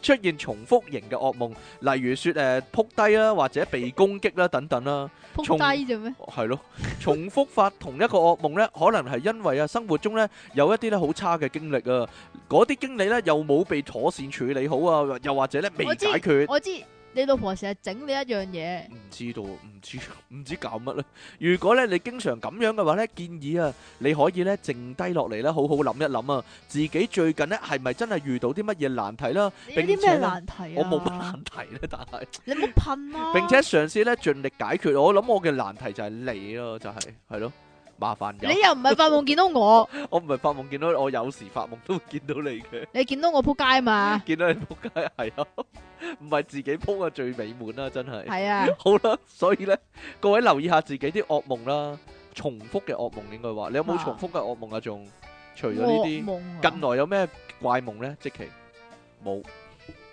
出現重複型嘅噩夢，例如說誒扑低啦，或者被攻擊啦、啊、等等啦、啊，扑低啫咩？係咯，重複發同一個噩夢呢，可能係因為啊生活中咧有一啲咧好差嘅經歷啊，嗰啲經歷呢，又冇被妥善處理好啊，又或者咧未解決。你老婆成日整你一樣嘢，唔知道，唔知唔知搞乜啦。如果咧你經常咁樣嘅話咧，建議啊你可以咧靜低落嚟啦，好好諗一諗啊，自己最近咧係咪真係遇到啲乜嘢難題啦，並且畀啲咩難題？我冇乜難題咧，但係你唔好噴啦，並且嘗試咧盡力解決。我諗我嘅難題就係你咯，就係係咯，麻煩嘅。你又唔係發夢見到我？我唔係發夢見到我，有時發夢都會見到你嘅。你見到我仆街嘛？見到你仆街係啊。唔係。 自己鋪嘅最美滿啦，真係係啊， 好啦，所以咧，各位留意下自己啲噩夢啦，重複嘅噩夢應該話，你有冇重複嘅噩夢啊？仲除咗呢啲，夢啊、近來有咩怪夢咧？即其冇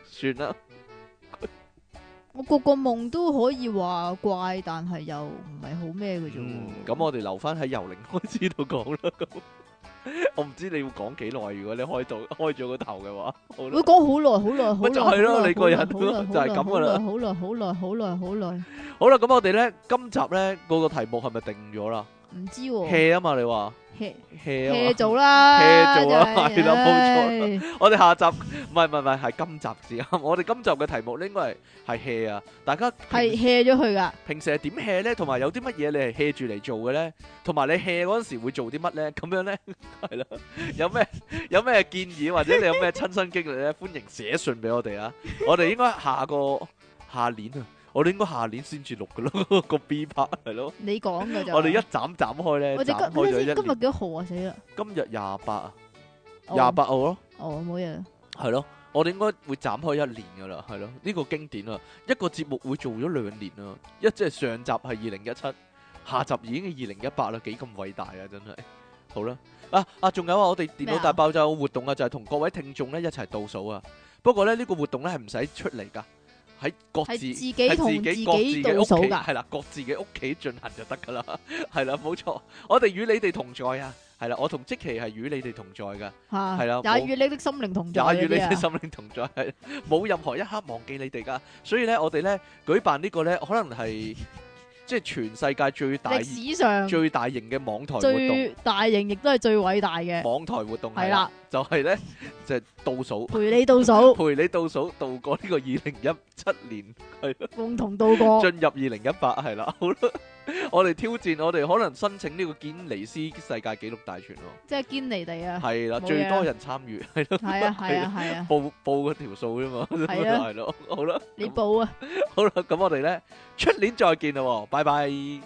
算啦， 我個個夢都可以話怪，但係又唔係好咩嘅啫。咁、嗯、我哋留翻喺幽靈開始度講啦。那個我唔知你要講幾耐，如果你開到開咗個頭嘅話，會講好耐好耐。咪就係咯，你個人就係咁噶啦，好耐好耐好耐好耐好耐，好啦，咁我哋咧今集咧嗰個題目係咪定咗啦？唔知喎，hea 啊嘛，你話 hea，hea 做啦，hea 做啦，係啦，冇錯。我哋下集唔係唔係唔係，係今集至，我哋今集嘅題目咧應該係係 hea 啊，大家係 hea 咗佢噶平時係點 hea 咧？同埋有啲乜嘢你係 hea 住嚟做嘅咧？同埋你 hea 嗰陣時會做啲乜咧？咁樣咧，係啦？有咩有咩建議或者你有咩親身經歷咧？歡迎寫信俾我哋啊！我哋應該下個下年啊。我哋應該下年先至錄嘅咯，個 B part 係咯。你講嘅就我哋一斬斬開咧，我哋今唔好意思，今日幾多號啊？死啦！今日廿八，廿八號咯。哦，冇嘢。係咯，我哋應該會斬開一年嘅啦，係咯。呢個經典啊，一個節目會做咗兩年啊。一即係上集係二零一七，下集已經二零一八啦，幾咁偉大啊！真係好啦。啊啊，仲有啊，我哋電腦大爆炸嘅活動啊，就係同各位聽眾咧一齊倒數啊。不過咧，呢個活動咧係唔使出嚟噶。喺各自係自己同自己、自己屋企噶，係啦，各自嘅屋企進行就得噶啦，係 啦，冇錯，我哋與你哋同在啊，係啦，我同積淇係與你哋同在噶，係啦，啊、也與你的心靈同在，也與你的心靈同在，係冇 任何一刻忘記你哋噶，所以咧，我哋咧舉辦呢個咧，可能係。 即係全世界最大，史上最大型嘅網台活動，大型亦都係最偉大嘅網台活動係啦，對了 就係呢，就係、倒數，陪你倒數， 陪你倒數，度過呢個二零一七年共同度過，進入二零一八係啦，好啦。我哋挑戰，我哋可能申請呢個《堅尼斯世界紀錄大全》咯，即係堅尼地啊，係啦的，最多人參與，係咯，係啊的，係啊，係啊，報報個條數啫嘛，係咯的， 好啦，你報啊，好啦，咁我哋咧，出年再見啦，拜拜，繼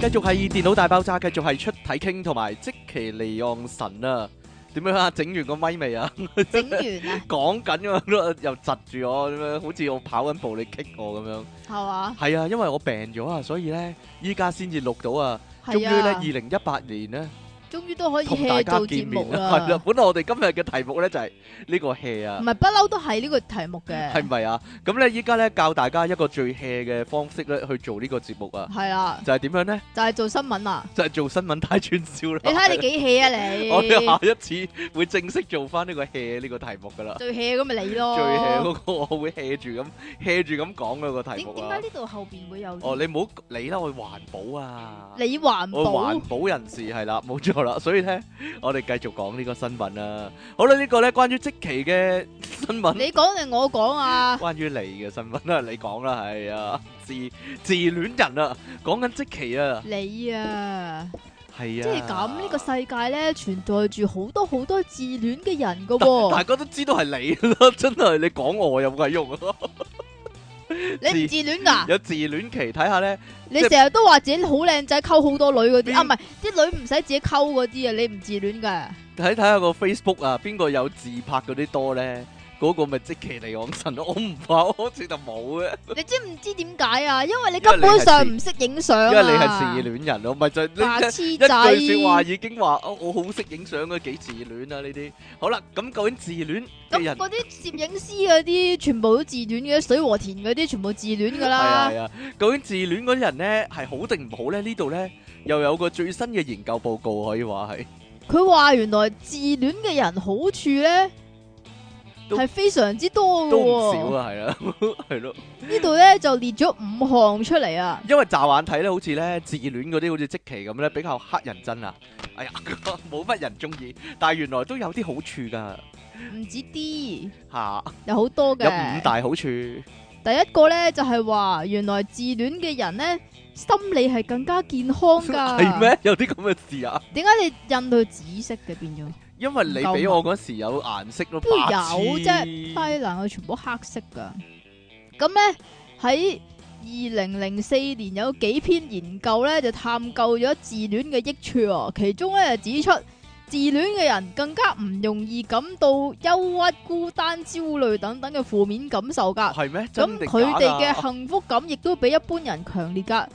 續係電腦大爆炸，繼續係出體 king 同埋積淇離岸神啊！點樣啊？整完個咪未啊？整完啊！講緊啊，又窒住我，咁樣好似我跑緊步你 kick 我咁樣，係嘛吧？係啊，因為我病咗啊，所以咧依家先至錄到啊，終於咧二零一八年咧。終於都可以 hea 做節目啦！係啦，本來我哋今日嘅題目咧就係呢個 hea 啊，唔係不嬲都係呢個題目嘅，係唔係啊？咁咧依家咧教大家一個最 hea 嘅方式咧去做呢個節目啊！係啊，就係點樣咧？就係做新聞啊！就係做新聞大串燒啦！你睇下你幾 hea 啊你！我哋下一次會正式做翻呢個 hea 呢個題目噶啦，最 hea 咁咪你咯，最 hea 嗰個我會 hea 住咁 hea 住咁講嗰個題目啦。點解呢度後邊會有？哦，你唔好理啦，我環保啊，你環保，我環保人士係啦，冇錯。所以咧，我哋繼續講呢個新聞啦、啊。好啦，這個、呢個咧關於積淇嘅新聞，你講定我講啊？關於你嘅新聞啦、啊，你講啦，係啊，自自戀人啊，講緊積淇啊，你啊，係啊，即係咁，呢個世界咧存在住好多好多自戀嘅人噶、哦，大家都知道係你咯，真係。你講我，我有冇用啊？ 自你唔自戀噶？有自戀期睇下咧哪、啊。你成日都話自己好靚仔，溝好多女嗰啲啊，唔係啲女唔使自己溝嗰啲啊，你唔自戀噶？睇睇下個 Facebook 啊，邊個有自拍嗰啲多咧？嗰個咪即其嚟我神，我唔否好似就冇嘅。你知唔知點解啊？因為你根本上唔識影相啊。因為你係自戀人咯，咪就呢一句説話已經話哦，我好識影相嘅幾自戀啊呢啲。好啦，咁究竟自戀嘅人，嗰啲攝影師嗰啲全部都自戀嘅，水和田嗰啲全部自戀噶啦。係啊係啊，究竟自戀嗰啲人咧係好定唔好咧？呢度咧又有個最新嘅研究報告可以話係。佢話原來自戀嘅人好處咧。係都非常之多嘅、哦，少啊，係啊 對咯，係咯。呢度咧就列咗五項出嚟啊。因為乍眼睇咧，好似咧自戀嗰啲，好似積淇咁咧，比較黑人憎啊。哎呀，冇 乜人中意。但係原來都有啲好處噶，唔止啲吓，有好多嘅。有五大好處。第一個咧就係話，原來自戀嘅人咧，心理係更加健康噶。係咩？有啲咁嘅事啊？點解你印到紫色嘅變咗？因為你畀我嗰時有顏色咯，有啫，西蘭佢全部黑色噶。咁呢，喺二零零四年有幾篇研究呢，就探究咗自戀嘅益處哦。其中呢就指出，自戀嘅人更加唔容易感到憂鬱、孤單、焦慮等等嘅負面感受噶。係咩？咁佢哋嘅幸福感亦都比一般人強烈噶。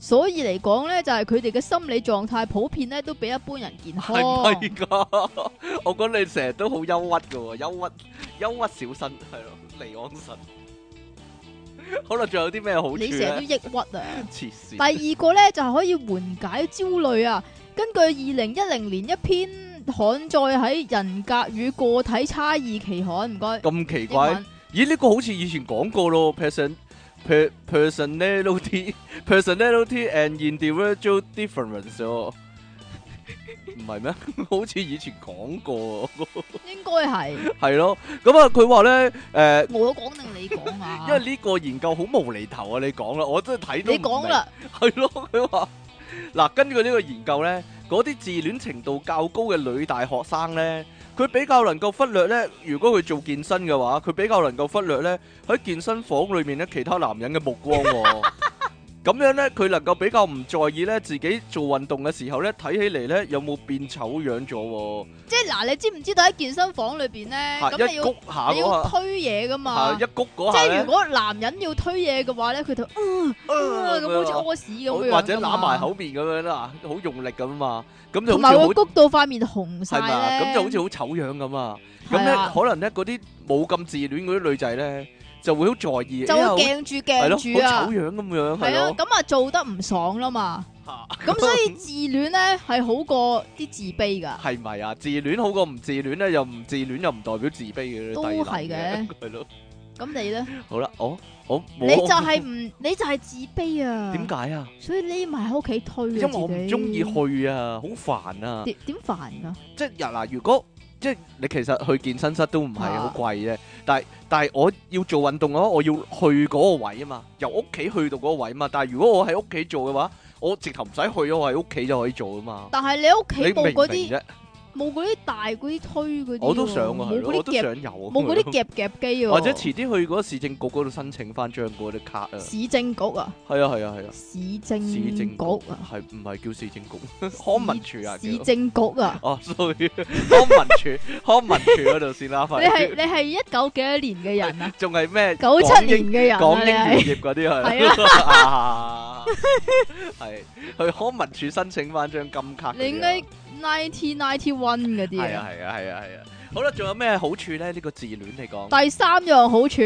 所以嚟講咧，就係佢哋嘅心理狀態普遍咧，都比一般人健康。係咪噶？ 我覺得你成日都好憂鬱嘅喎，憂鬱憂鬱小身，係咯，離安神。 可能仲有啲咩好？你成日都抑鬱啊？ 第二個咧就係可以緩解焦慮啊。根據二零一零年一篇刊載喺《人格與個體差異》期刊，唔該。咁奇怪？刊咦，呢個好似以前講過咯，person。per personality personality and individual difference 哦，唔係咩？好似以前講過，應該係係咯。咁啊，佢話咧，誒，我講定你講啊？因為呢個研究好無厘頭啊，你講啦，我真係睇到你講啦，係咯。佢話嗱，根據呢個研究咧，嗰啲自戀程度較高嘅女大學生咧，佢比較能夠忽略呢。如果佢做健身嘅話，佢比較能夠忽略呢。喺健身房裏面呢，其他男人嘅目光喎，哦。 咁樣咧，佢能夠比較唔在意咧，自己做運動嘅時候咧，睇起嚟咧有冇變醜樣咗？即係嗱，你知唔知道喺健身房裏邊咧，咁你要谷下，你要推嘢噶嘛？一谷下，即係如果男人要推嘢嘅話咧，佢就啊咁好似屙屎咁樣，或者攬埋口面咁樣啦，好用力咁嘛，咁就會谷到塊面紅晒咧，咁就好似好醜樣咁啊！咁咧可能咧嗰啲冇咁自戀嗰啲女仔咧。就會好在意，就會鏡住鏡住啊，好醜樣咁樣，係啊，咁啊做得唔爽啦嘛，咁所以自戀咧係好過啲自卑噶，係咪啊？自戀好過唔自戀咧，又唔自戀又唔代表自卑嘅，都係嘅，係咯，咁你咧？好啦，我我你就係唔你就係自卑啊？點解啊？所以匿埋喺屋企推咯，因為我唔中意去啊，好煩啊，點煩噶？即係日嗱，如果。即係你其實去健身室都唔係好貴嘅，但係但係我要做運動啊，我要去嗰個位啊嘛，由屋企去到嗰個位啊嘛，但係如果我喺屋企做嘅話，我直頭唔使去啊，我喺屋企就可以做啊嘛。但係你屋企做嗰啲。冇嗰啲大嗰啲推嗰啲，我都想啊，冇嗰啲夾夾機喎，或者遲啲去嗰市政局嗰度申請翻張嗰啲卡啊！市政局啊，係啊係啊係啊！市政市政局啊，係唔係叫市政局？康民署啊！市政局啊！哦，sorry 康民署，康民署嗰度先啦，你係你係一九幾多年嘅人啊？仲係咩九七年嘅人啊？港英業嗰啲係係去康民署申請翻張金卡。你應該。ninety ninety one 嗰啲啊，係啊係啊係啊係啊，好啦，仲有咩好處咧？呢、這個自戀嚟講，第三樣好處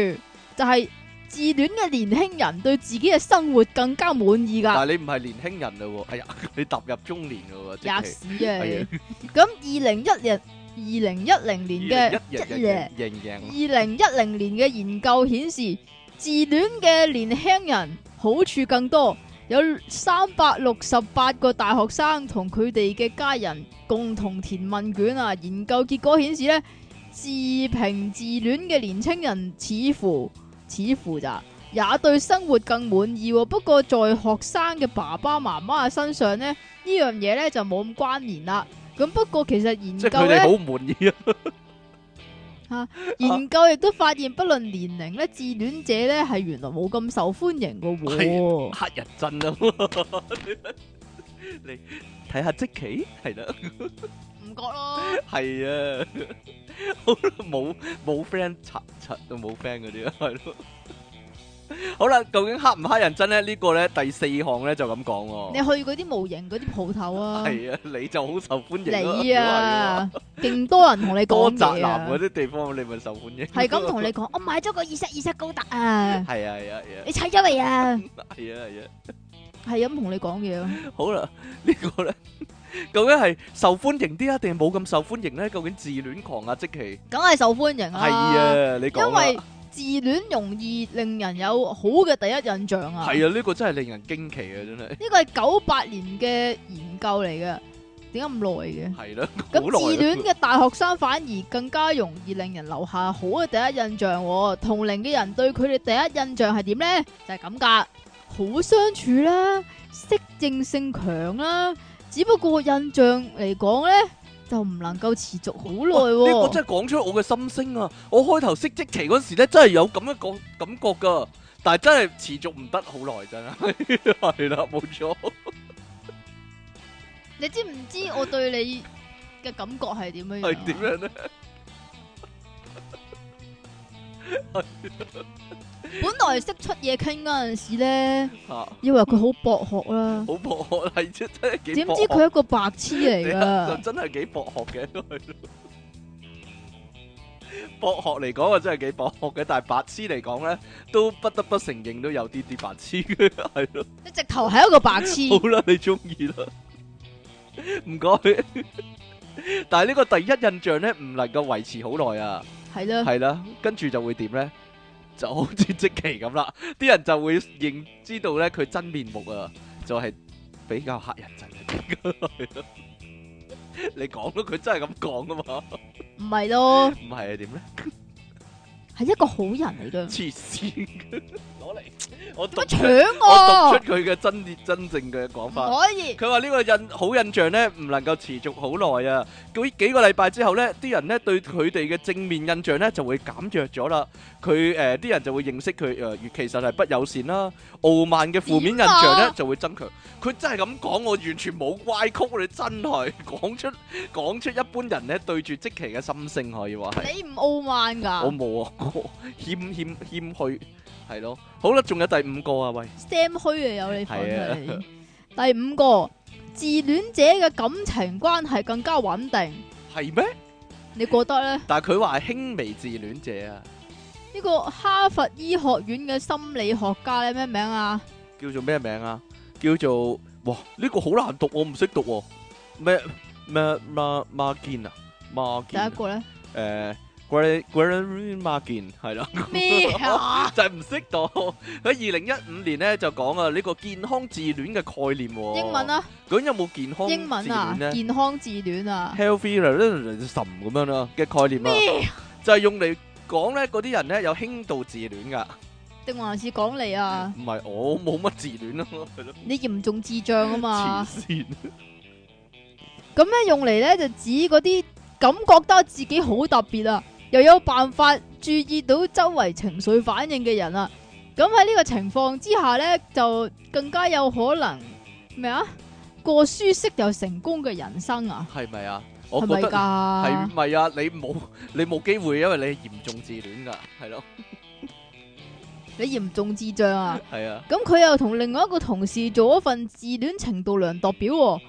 就係、是、自戀嘅年輕人對自己嘅生活更加滿意噶。但係你唔係年輕人嘞喎、哦，哎呀，你踏入中年噶喎，吔屎啊，咁 二零一日二零一零年嘅一夜，二零一零年嘅研究顯示，自戀嘅年輕人好處更多。有三百六十八個大學生同佢哋嘅家人共同填問卷啊，研究結果顯示咧，自評自戀嘅年輕人似乎似乎就也對生活更滿意，哦。不過在學生嘅爸爸媽媽嘅身上咧，呢樣嘢咧就冇咁關聯啦。咁不過其實研究咧，即係佢哋好滿意啊。 吓、啊、研究亦都發現不論，不論年齡咧，自戀者咧係原來冇咁受歡迎噶，黑人憎咯，你睇下積淇係啦，唔覺咯，係啊，好冇冇 friend 刷刷都冇 friend 嗰啲啊，係咯。好啦，究竟黑唔黑人憎咧？呢個咧第四項咧就咁講。你去嗰啲模型嗰啲鋪頭啊。係啊，你就好受歡迎。你啊，勁多人同你講嘢。多宅男嗰啲地方，你咪受歡迎。係咁同你講，我買咗個意式意式高達啊。係啊係啊係啊。你踩咗未啊？係啊係啊。係咁同你講嘢。好啦，呢個咧，究竟係受歡迎啲啊，定係冇咁受歡迎咧？究竟自戀狂阿積淇，梗係受歡迎啊。係啊，你講啊。自戀容易令人有好嘅第一印象啊！係啊，呢、這個真係令人驚奇啊。真係。呢個係九八年嘅研究嚟嘅，點解咁耐嘅？係咯、啊，咁自戀嘅大學生反而更加容易令人留下好嘅第一印象、啊。同齡嘅人對佢哋第一印象係點呢？就係咁噶，好相處啦，適應性強啦，只不過印象嚟講呢。就唔能夠持續好耐、啊，呢、這個真係講出我嘅心聲啊！我開頭識積淇嗰時咧，真係有咁樣感感覺噶，但係真係持續唔得好耐真係，係啦冇錯。錯 你知唔知我對你嘅感覺係點樣、啊、 樣？係點樣咧？ 本來識出嘢傾嗰陣時咧，以為佢好博學啦，好博學係真真係幾博學。點知佢一個白痴嚟㗎，就真係幾博學嘅。博學嚟講啊，真係幾博學嘅，但係白痴嚟講咧，都不得不承認都有啲啲白痴嘅，係咯。你直頭係一個白痴。好啦，你中意啦，唔該。但係呢個第一印象咧，唔能夠維持好耐啊。係咯，係啦，跟住就會點咧？就好似即期咁啦，啲人就會認知道咧佢真面目啊，就係比較嚇人陣嚟。 你講咯，佢真係咁講噶嘛？唔係咯？唔係啊？點咧？係一個好人嚟噶，黐線，攞嚟我讀，我讀出佢嘅真真正嘅講法。可以，佢話呢個印好印象咧，唔能夠持續好耐啊！幾幾個禮拜之後咧，啲人咧對佢哋嘅正面印象咧就會減弱咗啦。佢誒，啲人就會認識佢誒，其實係不友善啦，傲慢嘅負面印象咧就會增強。佢真係咁講，我完全冇歪曲你，真係講出講出一般人咧對住積淇嘅心聲可以話係你唔傲慢噶？我冇啊。謙謙謙虛係咯，好啦、喔，仲、有第五個啊，喂，s a m 虛啊，有你講啊，第五個自戀者嘅感情關係更加穩定，係咩？你覺得咧？啊、但係佢話係輕微自戀者啊，呢個哈佛醫學院嘅心理學家咧咩名啊？叫做咩名啊？叫做哇，呢個好難讀，我唔識讀，咩咩馬馬堅啊？馬堅第一個咧？誒。Gran Gran Martin 係啦，就唔識到喺二零一五年咧就講啊呢個健康自戀嘅概念英文啊，咁有冇健康英文啊健康自戀啊，healthy relationship 神咁樣啦嘅概念啊，就係用嚟講咧嗰啲人咧有輕度自戀噶，定還是講你啊？唔係我冇乜自戀咯，係咯，你嚴重智障啊嘛，黐線，咁咧用嚟咧就指嗰啲感覺得自己好特別啊。又有辦法注意到周圍情緒反應嘅人啦、啊，咁喺呢個情況之下呢，就更加有可能咩啊過舒適又成功嘅人生啊？係咪啊？係咪噶？係咪啊，啊？你冇你冇機會，因為你嚴重自戀噶，係咯？你嚴重智障啊？係 啊！咁佢又同另外一個同事做一份自戀程度量度表、啊。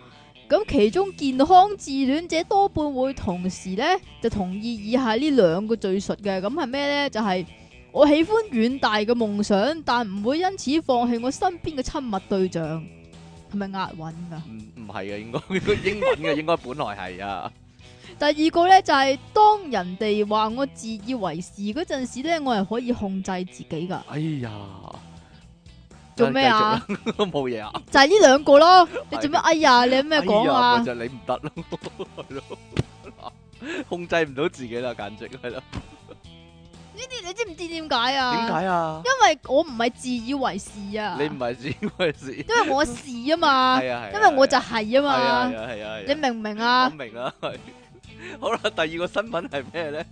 咁其中健康自戀者多半會同時咧就同意以下呢兩個敘述嘅，咁係咩咧？就係、是、我喜歡遠大嘅夢想，但唔會因此放棄我身邊嘅親密對象，係咪押韻噶？唔唔係嘅，應該個英文嘅， 應該本來係啊。第二個咧就係、是、當人哋話我自以為是嗰陣時咧，我係可以控制自己噶。哎呀！做咩啊？都冇嘢啊！就係呢兩個咯，你做咩？哎呀，你有咩講啊？就你唔得咯，控制唔到自己啦，簡直係啦。呢啲你知唔知點解啊？點解啊？因為我唔係自以為是啊。你唔係自以為是。因為我是啊嘛。係啊係。因為我就係啊嘛。係啊係啊你明唔明啊？我明啦。好啦，第二個新聞係咩咧？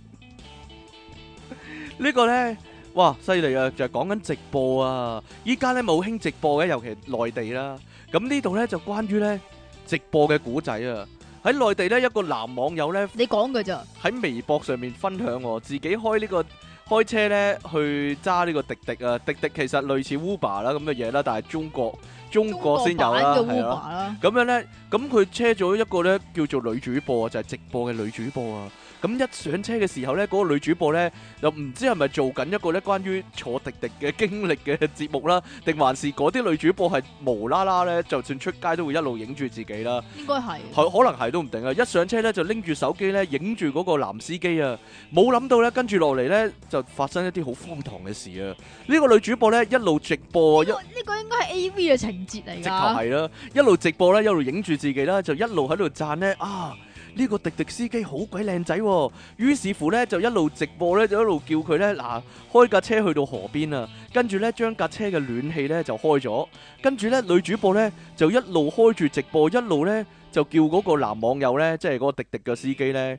呢個咧。哇，犀利啊！就係講緊直播啊！依家咧冇興直播嘅，尤其內地啦。咁呢度咧就關於咧直播嘅古仔啊！喺內地咧，一個男網友咧，你講嘅咋？喺微博上面分享喎，自己開呢個開車咧去揸呢個滴滴啊，滴滴其實類似 Uber 啦咁嘅嘢啦，但係中國中國先有啦，係咯。咁樣咧，咁佢車咗一個咧叫做女主播啊，就係直播嘅女主播啊。咁一上車嘅時候咧，嗰個女主播咧，又唔知係咪做緊一個咧關於坐滴滴嘅經歷嘅節目啦，定還是嗰啲女主播係無啦啦咧，就算出街都會一路影住自己啦。應該係，可能係都唔定啊！一上車咧就拎住手機咧影住嗰個男司機啊，冇諗到咧跟住落嚟咧就發生一啲好荒唐嘅事啊！呢個女主播咧一路直播，一呢個應該係 AV 嘅情節嚟噶，直頭係啦，一路直播咧一路影住自己啦，就一路喺度讚咧啊！呢個滴滴司機好鬼靚仔，於是乎呢就一路直播呢就一路叫佢呢。嗱開架車去到河邊啊，跟住呢將架車嘅暖氣呢就開咗，跟住呢女主播呢就一路開住直播，一路呢就叫嗰個男網友呢，即係嗰個滴滴嘅司機呢，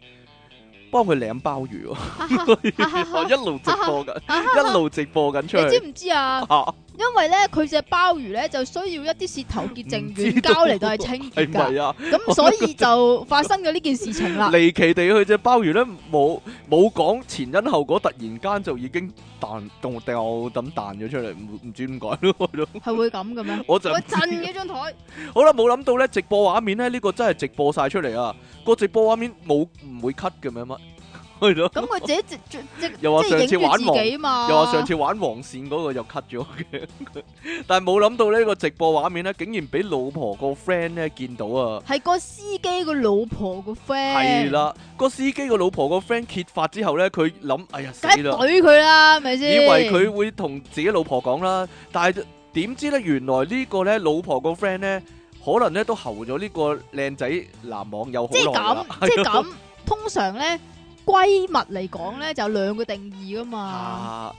幫佢領鮑魚。哦，我哈 一路直播緊，哈哈哈哈 一路直播緊出嚟，你知唔知啊？ 因為咧，佢隻鮑魚咧就需要一啲舌頭潔淨軟膠嚟到係清潔啊，咁、啊、所以就發生咗呢件事情啦。離 奇地，佢隻鮑魚咧冇冇講前因後果，突然間就已經彈動掉咁彈咗出嚟，唔唔知點解咯。係 會咁嘅咩？ 我就我震張 呢張台。好啦，冇諗到咧，直播畫面咧呢個真係直播晒出嚟啊！個直播畫面冇唔會 cut 嘅咩乜？咁佢自己直直即係影住自己嘛？又話上次玩黃線嗰個又 cut 咗嘅，但係冇諗到呢個直播畫面咧，竟然俾老婆個 friend 咧見到啊！係個司機個老婆個 friend 係啦，個司機個老婆個 friend 揭發之後咧，佢諗哎呀死啦！梗係懟佢啦，係咪先以為佢會同自己老婆講啦，但係點知咧，原來呢個咧老婆個 friend 咧，可能咧都候咗呢個靚仔男網友好耐啦，即係咁通常咧。閨蜜嚟講咧就兩個定義噶嘛，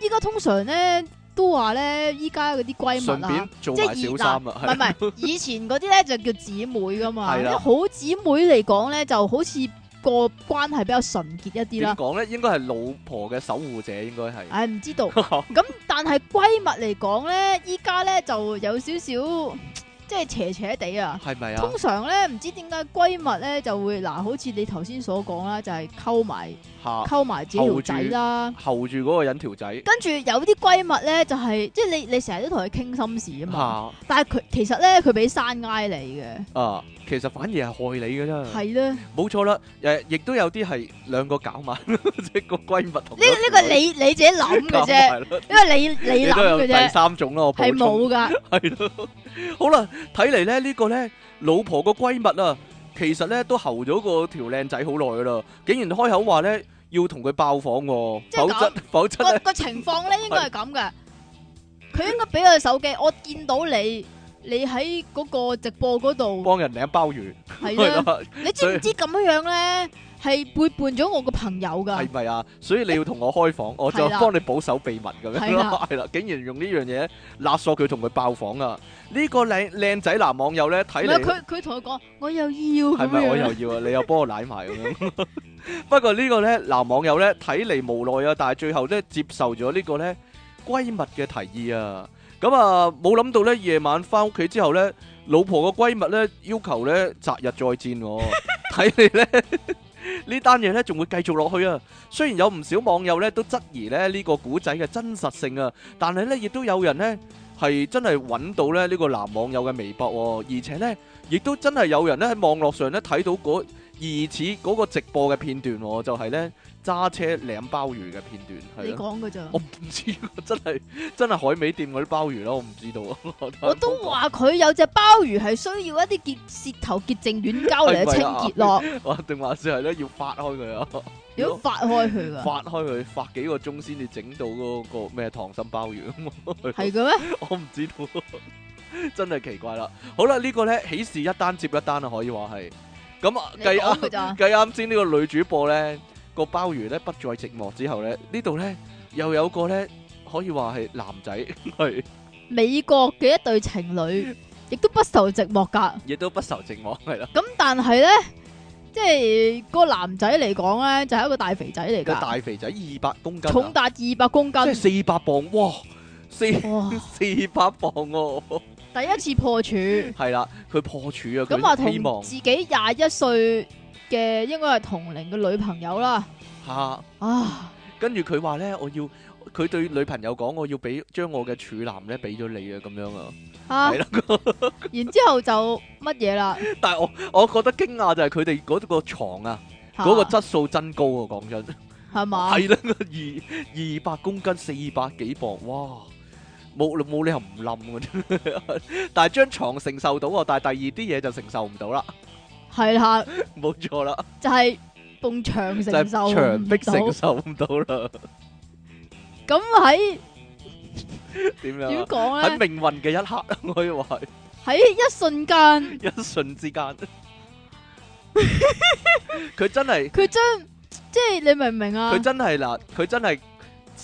依家、啊、通常咧都話咧依家嗰啲閨蜜啊，即係小三啊，係唔係唔係，以前嗰啲咧就叫姊妹噶嘛，啲對了 好姊妹嚟講咧就好似個關係比較純潔一啲啦。點講咧？應該係老婆嘅守護者應該係，唉唔、哎、知道，咁 但係閨蜜嚟講咧，依家咧就有少少。即係斜斜地啊！係咪啊？通常咧唔知點解閨蜜咧就會嗱，好似你頭先所講啦，就係溝埋溝埋自己條仔啦，候住嗰個人條仔。跟住有啲閨蜜咧就係、是、即係你你成日都同佢傾心事啊嘛，啊但係佢其實咧佢俾山嗌你嘅。啊，其實反而係害你嘅啫。係 的啦，冇錯啦。誒，亦都有啲係兩個搞埋 即個閨蜜。呢、這、呢個你你自己諗嘅啫，因為你你諗嘅啫。第三種咯，係冇噶。係咯 是的， 好啦。睇嚟咧，個呢個咧老婆個閨蜜啊，其實咧都候咗個條靚仔好耐噶啦，竟然開口話咧要同佢爆房喎、喔，即係咁則、那個個 情況咧， 應該係咁噶，佢應該俾佢手機，我見到你，你喺嗰個直播嗰度幫人領鮑魚，係啊，你知唔知咁樣樣咧？係背叛咗我個朋友噶，係咪啊？所以你要同我開房，欸、我就幫你保守秘密咁樣，係啦的，竟然用呢樣嘢勒索佢同佢爆房啊！呢、這個靚靚仔男網友咧睇嚟，佢佢同佢講，我又要，係咪這樣 我又要啊？ 你又幫我奶埋咁樣。 不過個呢個咧男網友咧睇嚟無奈啊，但係最後咧接受咗呢個咧閨蜜嘅提議啊。咁啊冇諗到咧夜晚翻屋企之後咧，老婆個閨蜜咧要求咧擇日再戰我、喎，睇嚟咧。 呢單嘢呢仲會繼續落去啊！雖然有唔少網友呢都質疑呢呢個古仔嘅真實性啊，但係呢亦都有人呢係真係揾到呢呢個男網友嘅微博，啊，而且呢亦都真係有人呢喺網絡上呢睇到嗰疑似嗰個直播嘅片段，啊，就係、是、呢。揸車領鮑魚嘅片段，你講嘅咋？我唔知，真係真係海味店嗰啲鮑魚咯，我唔知道。啊，我， 我都話佢有隻鮑魚係需要一啲潔舌頭潔淨軟膠嚟清潔咯。定還是係咧、啊、 要發開佢啊？ 要發開佢啊！發開佢，發幾個鐘先至整到嗰個咩溏心鮑魚啊？係嘅咩？我唔知道， 真係奇怪啦。好啦，這個、呢個咧，喜事一單接一單啊，可以話係。咁計啱計啱先呢個女主播咧。個鮑魚咧，不再寂寞之後咧，呢度咧，又有個咧，可以話係男仔係美國嘅一對情侶，亦都不受寂寞噶，亦都不受寂寞係啦。咁但係咧，即係個男仔嚟講咧，就係一個大肥仔嚟噶，大肥仔二百公斤，重達二百公斤，即係四百磅哇，四哇四百磅哦，第一次破處係啦，佢破處啊，咁啊希望自己廿一歲嘅應該係同齡嘅女朋友啦，吓啊，啊跟住佢話咧，我要佢對女朋友講，我要俾將我嘅處男咧俾咗你了啊，咁樣啊，吓，係咯，然之後就乜嘢啦？但係我我覺得驚訝就係佢哋嗰個床啊，嗰、啊、個質素真高啊，講真，係嘛吧？係啦，二二百公斤四百幾磅，哇，冇冇理由唔冧嘅， 但係張床承受到啊，但係第二啲嘢就承受唔到啦。係啦，冇錯啦，就係埲牆承受牆壁承受唔到啦。咁喺點樣點講咧？喺命運嘅一刻，可以話係喺一瞬間，一瞬之間，佢真係佢將即係你明唔明啊？佢真係嗱，佢真係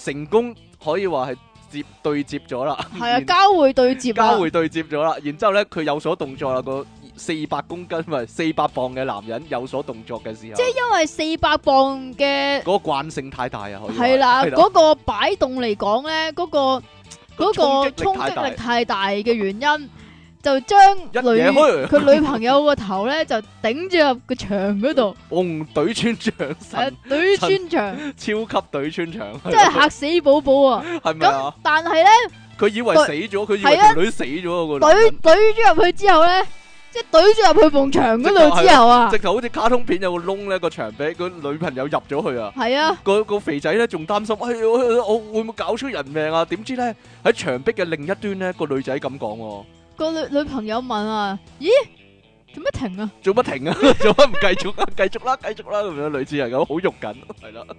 成功可以話係接對接咗啦，係啊，交會對接，交會對接咗啦。然之後咧，佢有所動作啦，個。四百公斤咪四百磅嘅男人有所動作嘅時候，即係因為四百磅嘅嗰個慣性太大啊！係啦，嗰個擺動嚟講咧，嗰個嗰個衝擊力太大嘅原因，就將女佢女朋友個頭咧就頂住入個牆嗰度，哦隊穿牆身，隊穿牆，超級隊穿牆，真係嚇死寶寶啊！咁但係咧，佢以為死咗，佢以為條女死咗個女，隊咗入去之後咧。一懟住入去埲牆嗰度之後啊，直頭好似卡通片有個窿咧個牆畀個女朋友入咗去是啊。係啊，個個肥仔咧仲擔心，哎哎、我我會唔會搞出人命啊？點知咧，喺牆壁嘅另一端咧個女仔咁講，個女女朋友問啊，咦做乜停啊？做乜停啊？做乜唔繼續啊？繼 續啦，繼續啦，咁 樣類似係咁，好肉緊，係啦。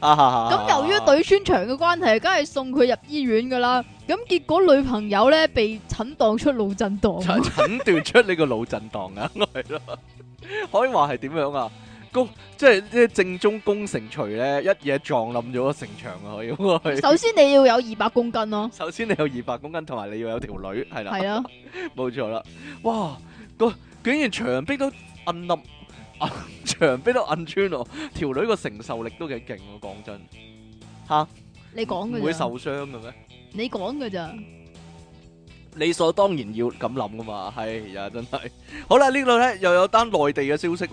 啊哈哈於對！咁由於隊穿牆嘅關係，梗係送佢入醫院噶啦。咁結果女朋友咧被診斷出腦震蕩，診斷出你個腦震蕩啊，係咯？可以話係點樣啊？攻即係啲正宗攻城錘咧，一嘢撞冧咗個城牆啊！ 首先你要有二百公斤咯、啊，首先你有二百公斤，同埋你要有條女係啦，係咯，冇錯啦。哇！個竟然牆壁都暗冧啊！牆邊都摁穿我，條女個承受力都幾勁喎，講真，吓，你講嘅會受傷嘅咩？你講嘅咋？理所當然要咁諗噶嘛，係呀，真係。好啦，呢度咧又有單內地嘅消息，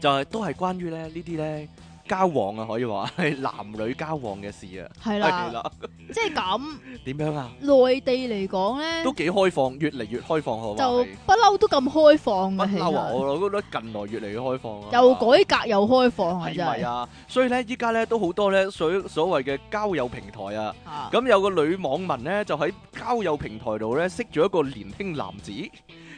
就係都係關於咧呢啲咧。交往啊，可以話係男女交往嘅事啊，係啦，係啦，即係咁點樣啊？內地嚟講咧，都幾開放，越嚟越開放，就不嬲都咁開放嘅。不嬲啊！我我覺得近來越嚟越開放啊，又改革又開放啊，真係啊！係啊！所以咧，依家咧都好多咧所所謂嘅交友平台啊，咁有個女網民咧就喺交友平台度咧識咗一個年輕男子，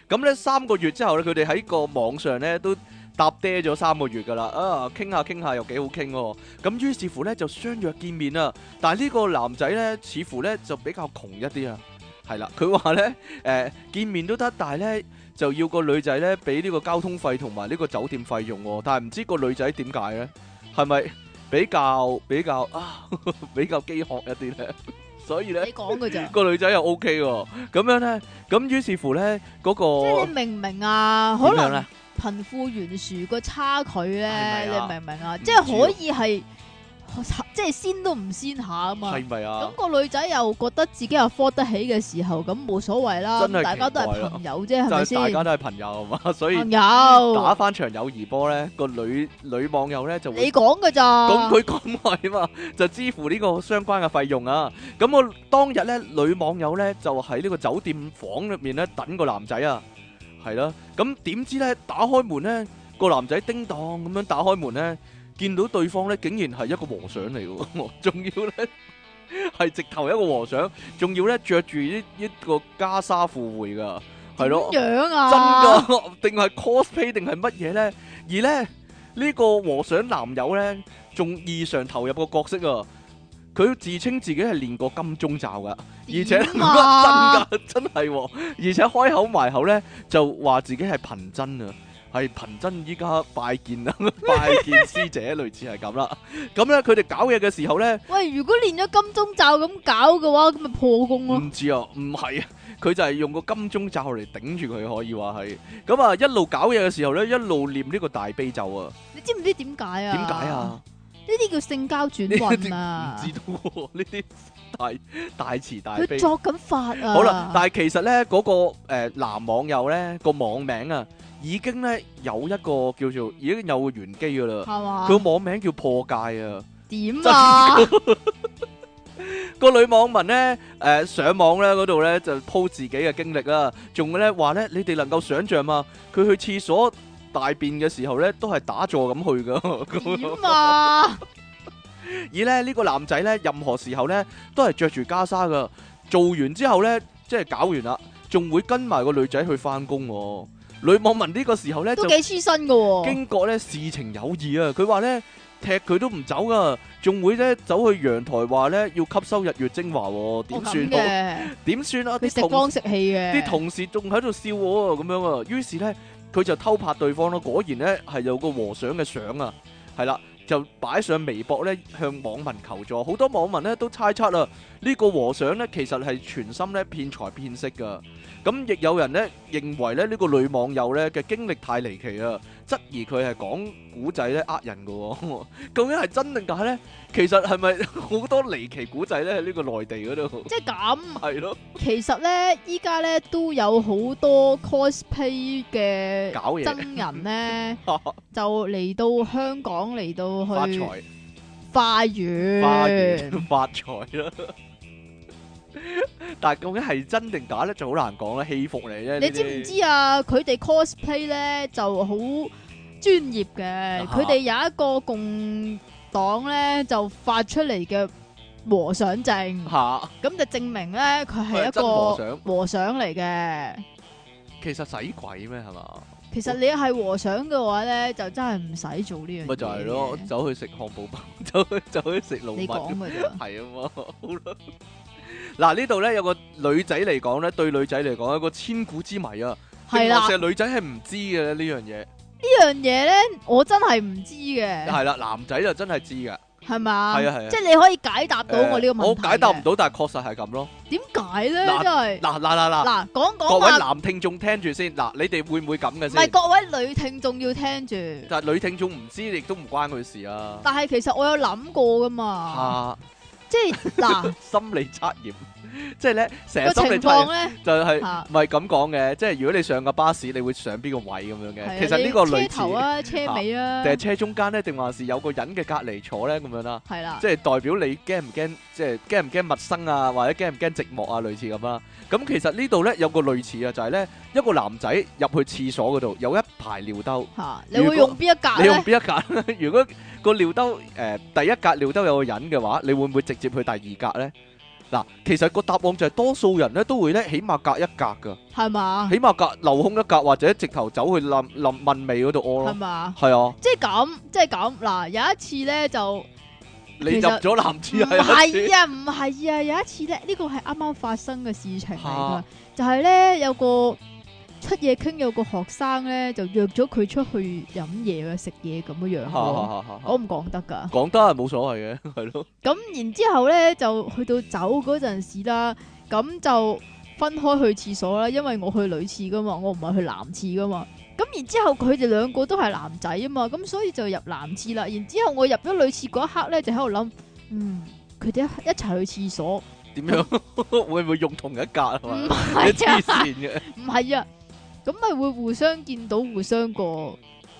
咁咧三個月之後咧，佢哋喺個網上咧都。搭爹咗三個月噶啦，啊傾下傾下又幾好傾喎，咁於是乎咧就相約見面啦。但係呢個男仔咧似乎咧就比較窮一啲啊，係啦，佢話咧誒見面都得，但係咧就要個女仔咧俾呢個交通費同埋呢個酒店費用喎。但係唔知個女仔點解咧，係咪比較比較啊比較飢渴一啲咧？所以咧，你講嘅咋個女仔又 OK 喎？咁樣咧，咁於是乎咧嗰個即係明唔明啊？點樣咧？貧富懸殊個差距咧，係咪啊、你明唔明知啊？即係可以係即係先都唔先下啊嘛，係咪啊？咁個女仔又覺得自己又科得起嘅時候，咁冇所謂啦。真係，大家都係朋友啫，係咪先？大家都係朋友啊嘛，所以有打翻場友誼波咧，個女女網友咧就會你講嘅咋？咁佢講開嘛，就支付呢個相關嘅費用啊。咁我當日咧，女網友咧就喺呢個酒店房入面咧等個男仔啊。係啦，咁點、嗯、知咧？打開門咧，個男仔叮當咁樣打開門咧，見到對方咧，竟然係一個和尚嚟嘅，仲要咧係直頭一個和尚，仲要咧着住呢一個袈裟赴會噶，係咯，樣啊、真噶？定係 cosplay？定係乜嘢咧？而咧呢、呢個和尚男友咧，仲異常投入個角色啊！佢自稱自己係練過金鐘罩噶，而且、啊、 真噶，真係、哦，而且開口埋口咧就話自己係貧僧啊，係貧僧，依家拜見啊， 拜見師姐，類似係咁啦。咁咧佢哋搞嘢嘅時候咧，喂，如果練咗金鐘罩咁搞嘅話，咁咪破功咯？唔知啊，唔係啊，佢就係用個金鐘罩嚟頂住佢，可以話係。咁、嗯、啊一路搞嘢嘅時候咧，一路唸呢個大悲咒知知啊。你知唔知點解啊？點解啊？呢啲叫性交轉運啊！唔知道呢啲大大慈大悲。佢作緊法啊！好啦，但係其實咧，嗰個誒男網友咧個網名啊，已經咧有一個叫做已經有個玄機噶啦。係嘛？佢個網名叫破戒啊。點啊？個女網民咧誒上網咧嗰度咧就鋪自己嘅經歷啦，仲咧話咧你哋能夠想象嗎？佢去廁所。大便嘅時候咧，都係打坐咁去噶。點啊？而咧呢個男仔咧，任何時候咧都係着住袈裟噶。做完之後咧，即係搞完啦，仲會跟埋個女仔去返工。女網民呢個時候咧都幾黐身噶。警覺咧事情有異啊，佢話咧踢佢都唔走噶，仲會咧走去陽台話咧要吸收日月精華。點算？點算啊？啲食光食氣嘅。啲同事仲喺度笑我啊，咁樣啊。於是咧。佢就偷拍對方咯，果然呢，係有個和尚嘅相啊，係啦，就擺上微博呢，向網民求助，好多網民呢都猜測啦，呢個和尚呢其實係全心咧騙財騙色嘅，咁亦有人呢認為咧呢個女網友呢嘅經歷太離奇啊。質疑佢係講古仔咧呃人㗎喎，哦，究竟係真定假咧？其實係咪好多離奇古仔咧喺呢個內地嗰度？即係咁係咯，對了 其實咧依家咧都有好多 cosplay 嘅搞嘢真人咧，搞事笑就嚟到香港嚟到去花園，花園發財啦！ 但係究竟係真定假咧？就好難講啦，戲服嚟啫。你知唔知啊？佢哋 cosplay 咧就好專業嘅，佢哋有一個共黨咧就發出嚟嘅和尚證，咁就證明咧佢係一個和尚和尚嚟嘅。其實使鬼咩係嘛？其實你係和尚嘅話咧，就真係唔使做呢樣嘢，咪就係咯。走去食漢堡包，走去走去食老麥，係啊嘛，好啦。嗱呢度咧有個女仔嚟講咧，對女仔嚟講有個千古之謎啊，其實女仔係唔知嘅呢樣嘢。呢樣嘢咧，我真係唔知嘅。係啦，男仔就真係知嘅，係咪？係啊係。即係你可以解答到我呢個問題。我解答唔到，但係確實係咁咯。點解咧？嗱嗱嗱嗱嗱，講講各位男聽眾聽住先，嗱你哋會唔會咁嘅先？唔係，各位女聽眾要聽住。但係女聽眾唔知亦都唔關佢事啊。但係其實我有諗過噶嘛。啊。即係嗱， 心理測驗。即係咧，成日心你講咧，就係唔係咁講嘅。即係如果你上個巴士，你會上邊個位咁樣嘅？其實呢個類似。車頭啊，車尾啊，定係車中間咧？定還是有個人嘅隔籬坐咧？咁樣啦，係啦，即係代表你驚唔驚？即係驚唔驚陌生啊？或者驚唔驚寂寞啊？類似咁啦。咁其實呢度咧有個類似啊，就係咧一個男仔入去廁所嗰度有一排尿兜。吓，你會用邊一格咧？你用邊一格咧？如果個尿兜誒第一格尿兜有個人嘅話，你會唔會直接去第二格咧？嗱，其實個答案就係、是、多數人咧都會咧，起碼隔一隔噶，係嘛吧？起碼隔留空一格，或者直頭走去林林問味嗰度屙咯，係嘛吧？係啊，即係咁，即係咁。嗱，有一次咧就，你入咗男廁係，唔係啊？唔係啊？有一次咧，呢 個係啱啱發生嘅事情嚟噶，啊、就係咧有個。七夜傾，有個學生咧就約咗佢出去飲嘢啊食嘢咁樣樣，哈哈哈哈我唔講得噶，講 得係冇所謂嘅，係咯、嗯。咁然之後咧就去到走嗰陣時啦，咁、嗯、就分開去廁所啦，因為我去女廁噶嘛，我唔係去男廁噶嘛。咁、嗯、然之後佢哋兩個都係男仔啊嘛，咁、嗯、所以就入男廁啦。然之後我入咗女廁嗰一刻咧就喺度諗，嗯，佢哋一齊去廁所點樣麼 會唔會用同一格 是啊？唔係，唔係啊。咁咪會互相見到，互相過？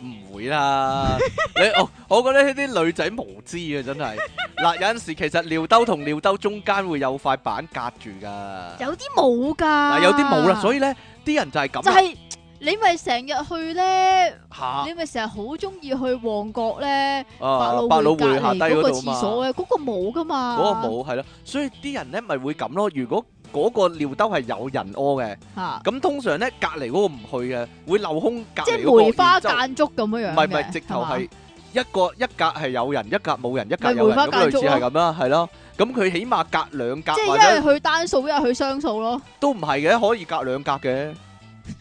唔會啦！你哦，我覺得呢啲女仔無知啊，真係嗱。有陣時其實尿兜同尿兜中間會有塊板隔住噶，有啲冇噶。嗱，有啲冇啦，所以咧，啲人就係咁。就係你咪成日去咧吓？你咪成日好中意去旺角咧？百老百老匯下低嗰個廁所呢，嗰個冇噶嘛？嗰個冇係咯，所以啲人咧咪會咁咯。如果嗰個尿兜係有人屙嘅，咁哈通常咧隔離嗰個唔去嘅，會漏空隔、嗰個。即係梅花間竹咁樣樣唔係唔係，直頭係吧一個一格係有人，一格冇人，一格有人，梅花間竹類似係咁啦，係咯、啊。咁佢起碼隔兩格。即係一係去單數，一係去雙數咯。都唔係嘅，可以隔兩格嘅。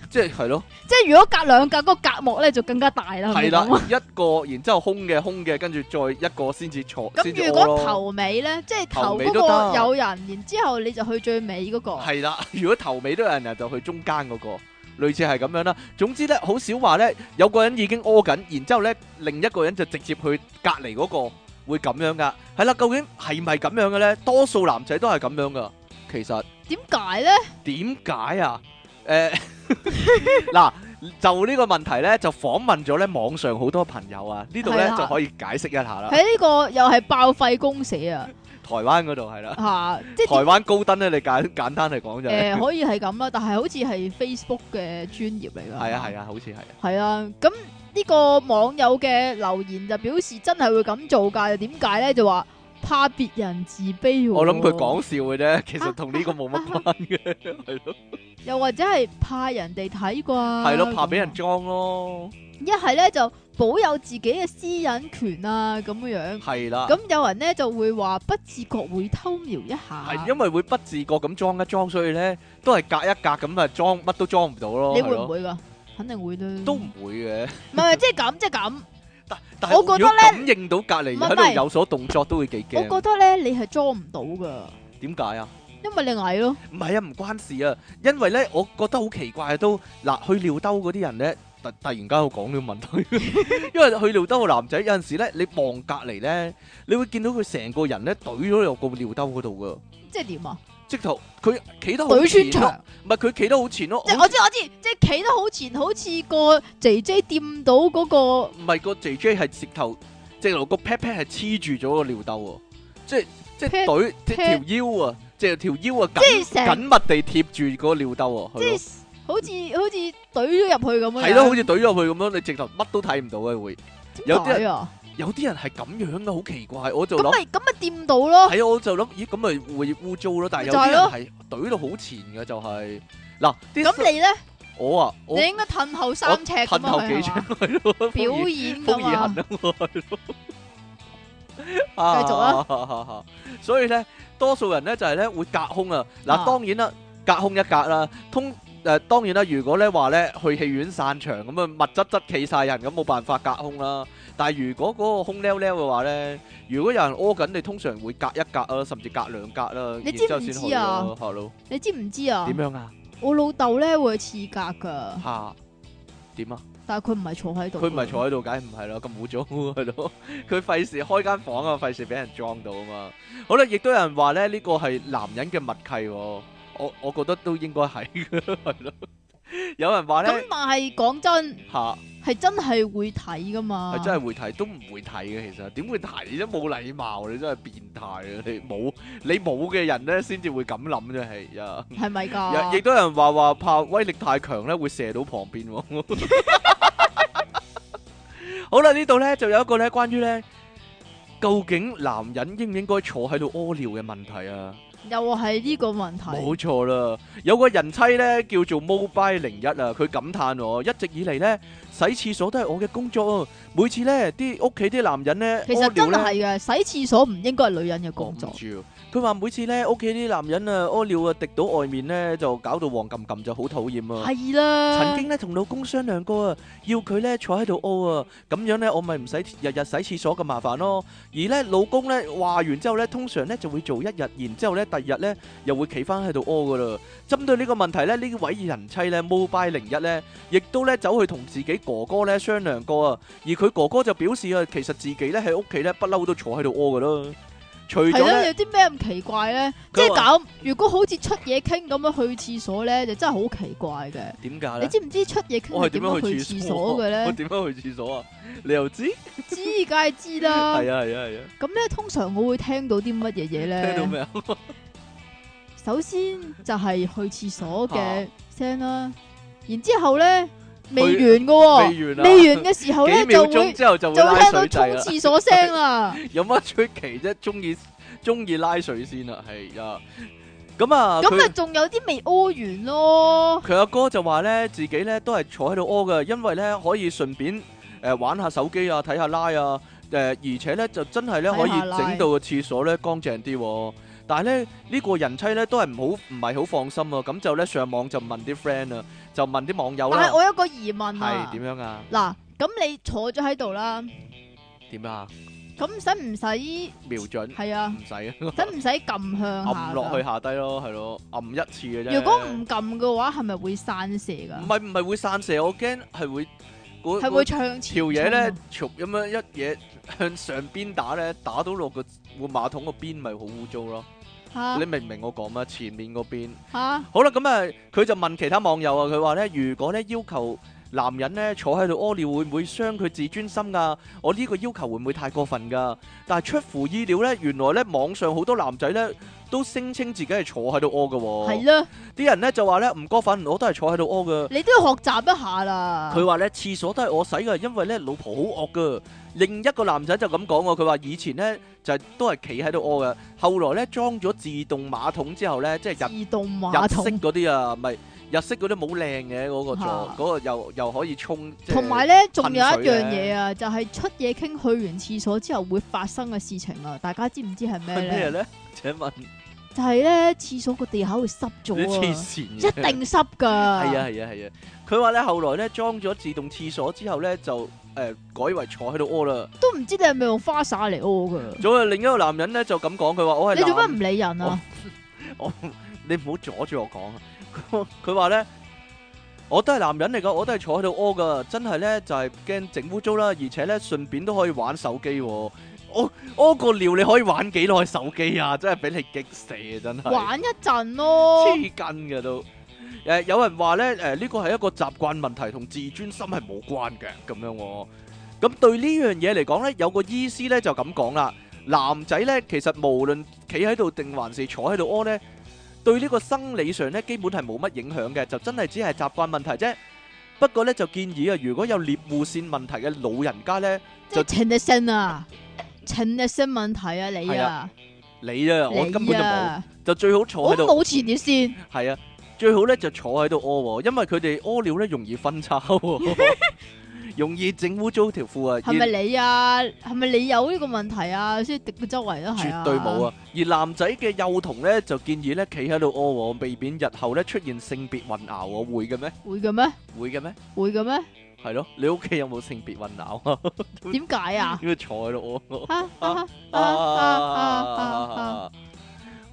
即係係咯，即係如果隔兩格嗰個隔膜咧就更加大啦。係啦，一個，然之後空嘅，空嘅，跟住再一個先至坐，先至咯。咁如果頭尾咧，即係頭嗰個有人，然之後你就去最尾嗰個。係啦，如果頭尾都有人啊，就去中間嗰個，類似係咁樣啦。總之咧，好少話咧，有個人已經屙緊，然之後咧，另一個人就直接去隔籬嗰個，會咁樣噶。係啦，究竟係咪咁樣嘅咧？多數男仔都係咁樣噶，其實。點解咧？點解啊？誒，嗱， 就呢個問題咧，就訪問咗咧網上好多朋友啊。呢度咧、啊、就可以解釋一下啦。喺呢、啊這個又係爆廢公社啊， 台灣嗰度係啦吓，即係台灣高登咧。你簡簡單嚟講就誒，可以係咁啊，但係好似係 Facebook 嘅專業嚟啦。係啊係啊，好似係。係啊，咁呢個網友嘅留言就表示真係會咁做噶？點解咧？就話。怕別人自卑。哦我，我諗佢講笑嘅啫，其實同呢個冇乜關嘅，係咯。又或者係怕人哋睇啩，係咯，怕俾人裝咯。一係咧就保有自己嘅私隱權啊，咁樣樣。係啦。咁有人咧就會話不自覺會偷瞄一下。係，因為會不自覺咁裝一裝，所以咧都係隔一隔咁啊，裝乜都裝唔到咯。你會唔會噶？對了 肯定會啦。都唔會嘅。 唔係，即係咁，即係咁。但但我覺得咧如果感應到隔籬喺度有所動作都會幾驚。我覺得咧你係裝唔到噶。點解啊？因為你矮咯。唔係啊，唔關事啊。因為咧，我覺得好奇怪都嗱去尿兜嗰啲人咧，突突然間我講呢個問題。因為去尿兜個男仔有陣時咧，你望隔籬咧，你會見到佢成個人咧，懟咗入個尿兜嗰度噶。即係點啊？直頭佢企得好前，唔係佢企得好前咯。即係我知我知，即係企得好前，前好似個 JJ 掂到嗰個。唔係個 JJ 係直頭直頭個 pat pat 係黐住咗個尿兜啊！即係即係懟條腰啊，即係條堆腰啊緊緊密地貼住嗰個尿兜啊！即係是了好似好似懟咗入去咁樣。係咯，好似懟咗入去咁樣，你直頭乜都睇唔到嘅會。真是 有啲啊。有啲人係咁樣嘅，好奇怪，我就咁咪咁咪掂到咯。係，我就諗，咦，咁咪會污糟咯。但係有啲人係懟到好前嘅，就係、是、嗱。咁你咧？我啊，你應該褪後三尺。褪後幾尺？表演、啊，風衣行開咯。繼續啦、啊。所以咧，多數人咧就係、是、咧會隔空啊。嗱、啊，啊、當然啦，隔空一格啦。通誒、呃，當然啦。如果咧話咧去戲院散場咁啊，密質質企晒人，咁冇辦法隔空啦。但係如果嗰個空溜溜嘅話咧，如果有人屙緊，你通常會隔一格啊，甚至隔兩格啦，你知唔知啊？Hello，你知唔知啊？點樣啊？我老豆咧會刺格噶吓？點啊？啊但係佢唔係坐喺度，佢唔係坐喺度，梗唔係啦，咁污糟。喺度，佢費事開間房啊，費事俾人撞到啊嘛。好啦，亦都有人話咧，呢個係男人嘅默契，我我覺得都應該係係咯。 有人話咧，咁但係講真吓。 係真係會睇噶嘛？係真係會睇，都唔會睇嘅。其實點會睇，都冇禮貌，你真係變態啊！你冇你冇嘅人咧，先至會咁諗啫。係 啊，係咪噶？亦都有人話話怕威力太強咧，會射到旁邊。好啦，呢度咧就有一個咧關於咧，究竟男人應唔應該坐喺度屙尿嘅問題啊？又係呢個問題，冇錯啦。有個人妻咧叫做 Mobile 01啊，佢感嘆，我一直以嚟咧洗廁所都係我嘅工作，每次咧啲屋企啲男人咧，其實真係嘅，洗廁所唔應該係女人嘅工作。佢話每次咧屋企啲男人啊屙尿啊，啊滴到外面咧就搞到黃冚冚就好討厭啊！係啦，曾經咧同老公商量過啊，要佢咧坐喺度屙啊，咁樣咧我咪唔使日日洗廁所咁麻煩咯。而咧老公咧話完之後咧，通常咧就會做一日，然之後咧第二日咧又會企翻喺度屙噶啦。針對呢個問題咧，呢位人妻咧 Mobile 01咧，亦都咧走去同自己哥哥咧商量過啊。而佢哥哥就表示啊，其實自己咧喺屋企咧不嬲都坐喺度屙噶咯。係咯，啊、有啲咩咁奇怪咧？她說 即係咁，如果好似出嘢傾咁樣去廁所咧，就真係好奇怪嘅。點解咧？你知唔知出嘢傾係點樣去廁所嘅咧？我點樣去廁所，所啊？你又知？知，知，梗係知啦。係啊係啊係啊。咁咧、啊啊，通常我會聽到啲乜嘢嘢咧？聽到咩啊？ 首先就係去廁所嘅聲啦， 然之後咧。未完噶，未完嘅時候咧就會就聽到沖廁所聲啦。有乜出奇啫？中意中意拉水先啦，係啊。咁啊，咁啊，仲有啲未屙完咯。佢阿哥就話咧，自己咧都係坐喺度屙㗎，因為咧可以順便誒玩下手機啊，睇下拉啊，誒而且咧就真係咧可以整到個廁所咧乾淨啲喎。但係咧呢個人妻咧都係唔好唔係好放心啊，咁就咧上網就問啲 friend 啊。就問啲網友咧，但係我有個疑問，係點樣啊？嗱，咁你坐咗喺度啦，點啊？咁使唔使瞄準？係啊，唔使，使唔使撳向下？撳落去下低咯，係咯，撳一次嘅啫。如果唔撳嘅話，係咪會散射噶？唔係，唔係會散射，我驚係會，係會唱條嘢咧，咁樣一嘢向上邊打咧，打到落個個馬桶個邊，咪好污糟咯。啊、你明唔明我講咩？前面嗰邊，好啦，咁啊，佢、嗯、就問其他網友啊，佢話咧，如果咧要求男人咧坐喺度屙尿會唔會傷佢自尊心噶、啊？我呢個要求會唔會太過分噶？但係出乎意料咧，原來咧網上好多男仔咧都聲稱自己係坐喺度屙嘅。係咯的，啲人咧就話咧唔過分，我都係坐喺度屙嘅。你都要學習一下啦。佢話咧廁所都係我洗嘅，因為咧老婆好惡嘅。另一個男仔就咁講喎，佢話以前咧就係都係企喺度屙嘅，後來咧裝咗自動馬桶之後咧，即係入入息嗰啲啊，唔係入息嗰啲冇靚嘅嗰個座，嗰個又又可以沖同埋咧，仲有一樣嘢啊，就係出嘢傾去完廁所之後會發生嘅事情啊，大家知唔知係咩咧？咩咧？請問就係咧，廁所個地下會濕咗啊！黐線，一定濕噶。係啊係啊係啊！佢話咧，後來咧裝咗自動廁所之後咧就。誒、欸，改為坐喺度屙啦，都唔知你係咪用花灑嚟屙噶。仲有另一個男人咧就咁講，佢話我係你做乜唔理人啊？我你唔好阻住我講。佢佢話咧，我都係 男人嚟噶，我都係坐喺度屙噶。真係咧就係驚整污糟啦，而且咧順便都可以玩手機，哦。我屙個尿你可以玩幾耐手機啊？真係俾你激死啊！真係玩一陣咯，黐筋嘅都。誒，有人話咧，誒呢個係一個習慣問題，同自尊心係無關嘅咁樣喎。咁對呢樣嘢嚟講咧，有個醫師咧就咁講啦。男仔咧其實無論企喺度定還是坐喺度屙咧，對呢個生理上咧基本係冇乜影響嘅，就真係只係習慣問題啫。不過咧就建議啊，如果有尿線問題嘅老人家咧，就前列腺啊，前列腺問題啊，你啊，你啊，我根本就冇，就最好坐喺度。我冇前列腺。係啊。最好咧就坐喺度屙，因為佢哋屙尿咧容易分叉，容易整污糟條褲啊！係咪你啊？係咪你有呢個問題啊？先滴到周圍都係啊！絕對冇啊！而男仔嘅幼童咧就建議咧企喺度屙，避免日後咧出現性別混淆啊！會嘅咩？會嘅咩？會嘅咩？會嘅咩？係咯，你屋企有冇性別混淆啊？點解啊？因為坐喺度屙。啊啊啊啊啊啊！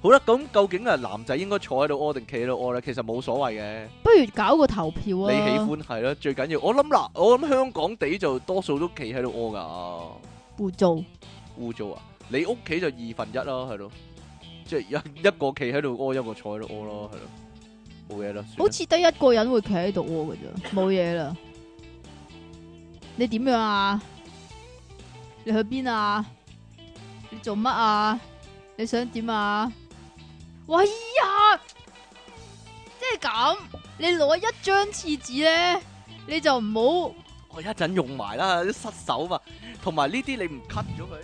好啦，咁究竟係，男仔應該坐喺度屙定企喺度屙咧？其實冇所謂嘅，不如搞個投票啊！你喜歡，係咯，最緊要我諗嗱，我諗香港地就多數都企喺度屙噶，污糟污糟啊！你屋企就二分一咯，係咯，即係一一個企喺度屙，一個坐喺度屙咯，係咯，冇嘢啦。好似得一個人會企喺度屙噶啫，冇嘢啦。你點樣啊？你去邊啊？你做乜啊？你想點啊？喂呀！即係咁，你攞一張廁紙咧，你就唔好。我一陣用埋啦，都失手嘛。同埋呢啲你唔 cut 咗佢。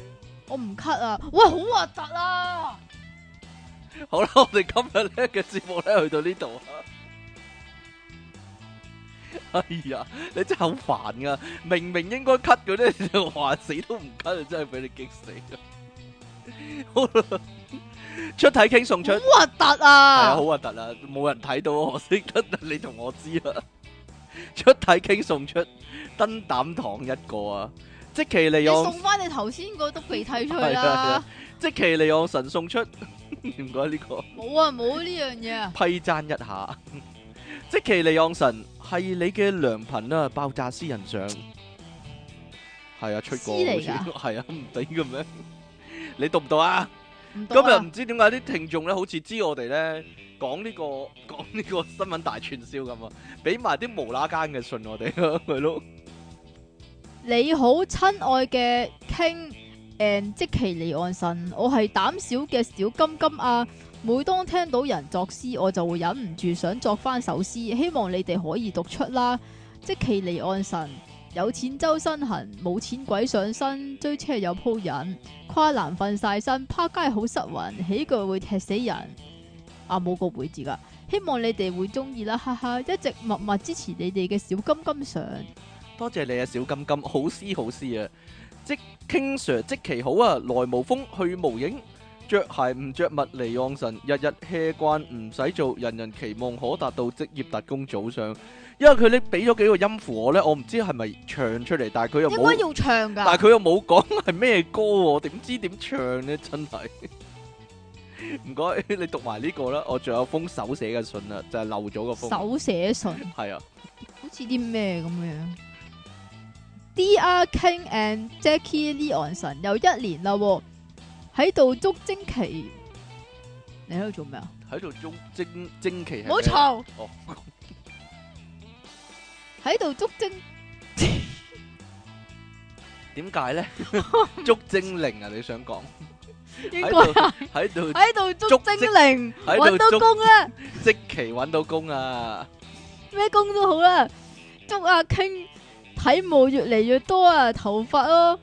我唔 cut 喂啊！哇，好核突啊！好啦，我哋今日咧嘅節目咧去到呢度啊。 哎呀，你真係好煩啊！明明應該 cut 嘅咧，你話死都唔 cut，真係俾你激死啊！ 好出體 king 送出，好核突啊！係啊，好核突啊！冇人睇到，我識得你同我知啊！出體 king 送出，燈膽堂一個啊,啊,啊！積淇離岸，送翻你頭先個都未睇出啦。積淇離岸神送出，唔該呢個。冇啊，冇呢樣嘢啊！批讚一下，積淇離岸神係你嘅良品啊！爆炸私人相！係啊出過嚟係啊唔俾咁樣，你讀唔讀啊？ 今日唔知點解啲聽眾咧，好似知我哋咧講呢個講呢個新聞大串燒咁啊，俾埋啲無啦間嘅信我哋，係咯。你好，親愛嘅 King and，積淇離岸神，我係膽小嘅小金金啊！每當聽到人作詩，我就會忍唔住想作翻首詩，希望你哋可以讀出啦。積淇離岸神。有錢周身痕，冇錢鬼上身，追車又鋪癮，跨欄瞓晒身，趴街好失魂，起腳會踢死人。啊冇個會字噶，希望你哋會中意啦，哈哈！一直默默支持你哋嘅小金金上，多謝你啊，小金金，好思好思啊，即傾 Sir 即其好啊，來無風去無影。着鞋唔着物，離岸神日日 hea 慣唔使做，人人期望可達到職業特工組上，因為佢搦俾咗幾個音符我咧，我唔知係咪唱出嚟，但係佢又應該要唱噶、啊，但係佢又冇講係咩歌，我點知點唱咧？真係唔該，你讀埋呢個啦，我仲有封手寫嘅信啦，就係、是、漏咗個封手寫信，係啊，好似啲咩咁樣。Dr. King and Jackie Lee 離岸神又一年啦。喺度捉精奇，你喺度做咩啊？喺度捉精精奇，冇錯。哦，喺度捉精，點解咧？捉精靈啊！你想講？喺度，喺度，喺度捉精靈，搵到工啦！積淇搵到工啊！咩工都好啦，捉阿傾體毛越嚟越多啊，頭髮咯。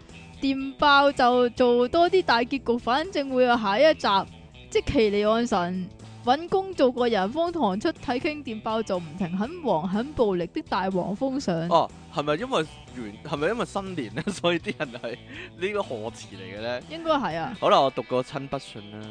電爆就做多啲大結局，反正會有下一集。積淇離岸神搵工做個人方堂出體 king 電爆就唔停，很黃很暴力的大黃風上哦。係咪、啊、因為完係咪因為新年咧，所以啲人係 呢個賀詞嚟嘅咧？應該係啊。好啦，我讀個親筆信啦，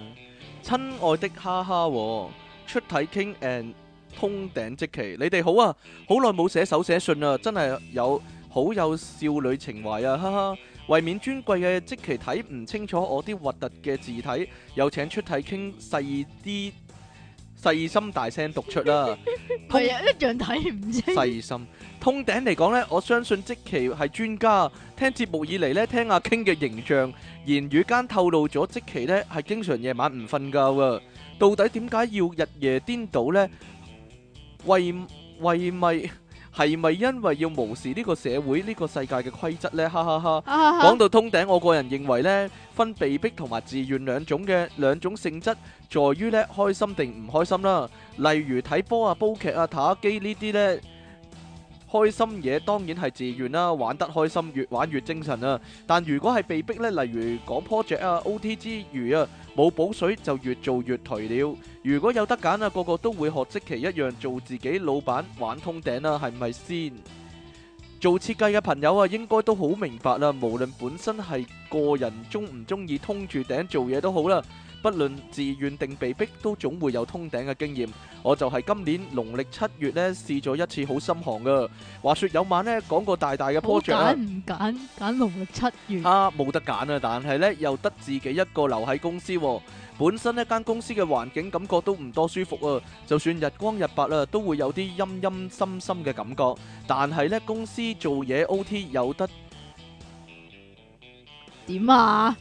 親愛的哈哈、哦，出體 king and 通頂積淇，你哋好啊，好耐冇寫手寫信啊，真係有好有少女情懷啊，哈哈。為免尊貴嘅積淇睇唔清楚我啲核突嘅字體，有請出體傾細啲細心大聲讀出啦。係啊 通， 一樣睇唔清。細心通頂嚟講呢，我相信積淇係專家。聽節目以嚟呢，聽，聽阿傾嘅形象，言語間透露咗積淇呢係經常夜晚唔瞓覺啊。到底點解要日夜顛倒呢？為為咪？係咪因為要無視呢個社會、呢個世界嘅規則呢？哈哈哈！講到通頂，我個人認為呢，分被逼同埋自願兩種嘅兩種性質，在於呢，開心定唔開心啦。例如睇波啊、煲劇啊、打機呢啲呢。開心嘢當然係自願啦，玩得開心，越玩越精神啊！但如果係被逼呢，例如講 project 啊、OT 之餘啊，冇補水就越做越頹了。如果有得揀啊，個個都會學積淇一樣做自己老闆，玩通頂啦，係咪先？做設計嘅朋友啊，應該都好明白啦。無論本身係個人中唔中意通住頂做嘢都好啦。不論自願定被逼，都總會有通頂嘅經驗。我就係今年農曆七月咧試咗一次好心寒噶。話說有晚咧講個大大嘅 project 啦。冇揀唔揀揀農曆七月。啊，冇得揀啊！但係咧又得自己一個留喺公司。本身一間公司嘅環境感覺都唔多舒服啊。就算日光日白啦，都會有啲陰陰森森嘅感覺。但係咧公司做嘢 OT 有得點啊？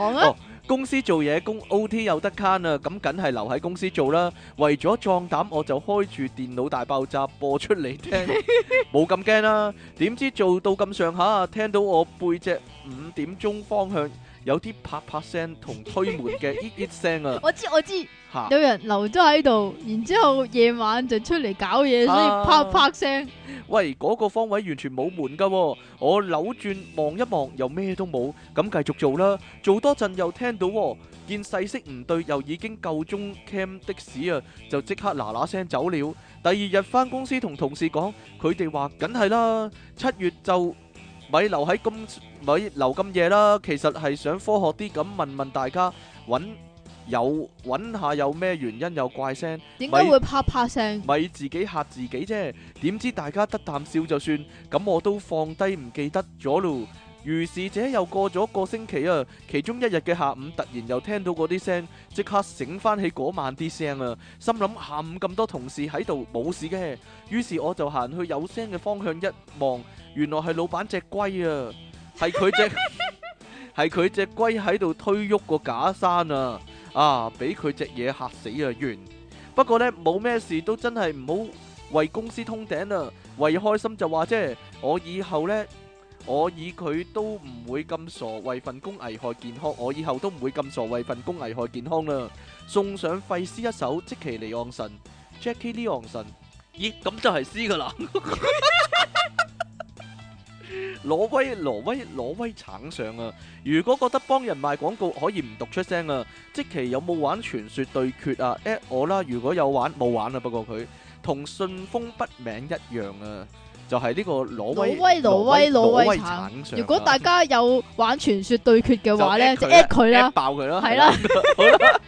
哦，公司做嘢工 O.T. 有得慳啊，咁梗係留喺公司做啦。為咗壯膽，我就開住電腦大爆炸播出嚟聽，冇咁驚啦。點知做到咁上下，聽到我背脊五點鐘方向。有啲啪啪聲同推門嘅啲啲聲啊！我知我知，有人留咗喺度，然之後夜晚就出嚟搞嘢，所以啪啪聲。喂，嗰個方位完全冇門噶，我扭轉望一望又咩都冇，咁繼續做啦。做多陣又聽到，見勢色唔對，又已經夠鐘 cam 的士啊，就即刻嗱嗱聲走了。第二日返公司同同事講，佢哋話梗係啦，七月就。咪留喺咁，咪留咁夜啦。其實係想科學啲咁問問大家，揾有揾下有咩原因有怪聲？點解什別會啪啪聲？咪自己嚇自己啫。點知大家得啖笑就算，咁我都放低唔記得咗咯。於是者又過咗一個星期啊，其中一日嘅下午，突然又聽到嗰啲聲，即刻醒翻起嗰晚啲聲啊，心諗下午咁多同事喺度冇事嘅。於是我就行去有聲嘅方向一望，原來係老闆隻龜啊，係佢只係佢隻龜喺度推喐個假山啊，啊，俾佢隻嘢嚇死啊，完。不過呢冇咩事都真係唔好為公司通頂啊，為開心就話啫，我以後呢。我以佢都唔會咁傻為份工危害健康，我以後都唔會咁傻為份工危害健康啦。送上費斯一首《積淇離岸神》Jackie Leon 神，咦？咁就係詩㗎啦。挪 威挪威挪威橙上啊！如果覺得幫人賣廣告可以唔讀出聲啊？積淇有冇玩傳説對決啊？@ Add、我啦！如果有玩冇玩啊？不過佢同信封筆名一樣啊。就係呢個羅威羅威羅威橙，如果大家有玩傳説對決嘅話咧，就 at 佢啦，at 爆佢囉，係啦。好啦，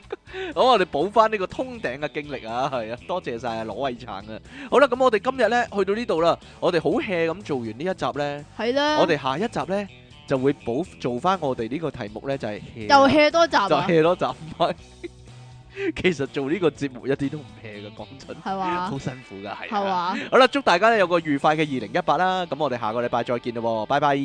好，我哋補翻呢個通頂嘅經歷啊，係啊，多謝晒啊，羅威橙啊。好啦，咁我哋今日咧去到呢度啦，我哋好 hea 咁做完呢一集咧，係啦，我哋下一集咧就會補做翻我哋呢個題目咧，就係又 hea 多集，就 hea 多集翻。其實做呢個節目一啲都唔 hea 噶，講真係嘛，好吧 辛苦噶，係嘛。吧好啦，祝大家有個愉快嘅二零一八啦。咁我哋下個禮拜再見啦，拜拜。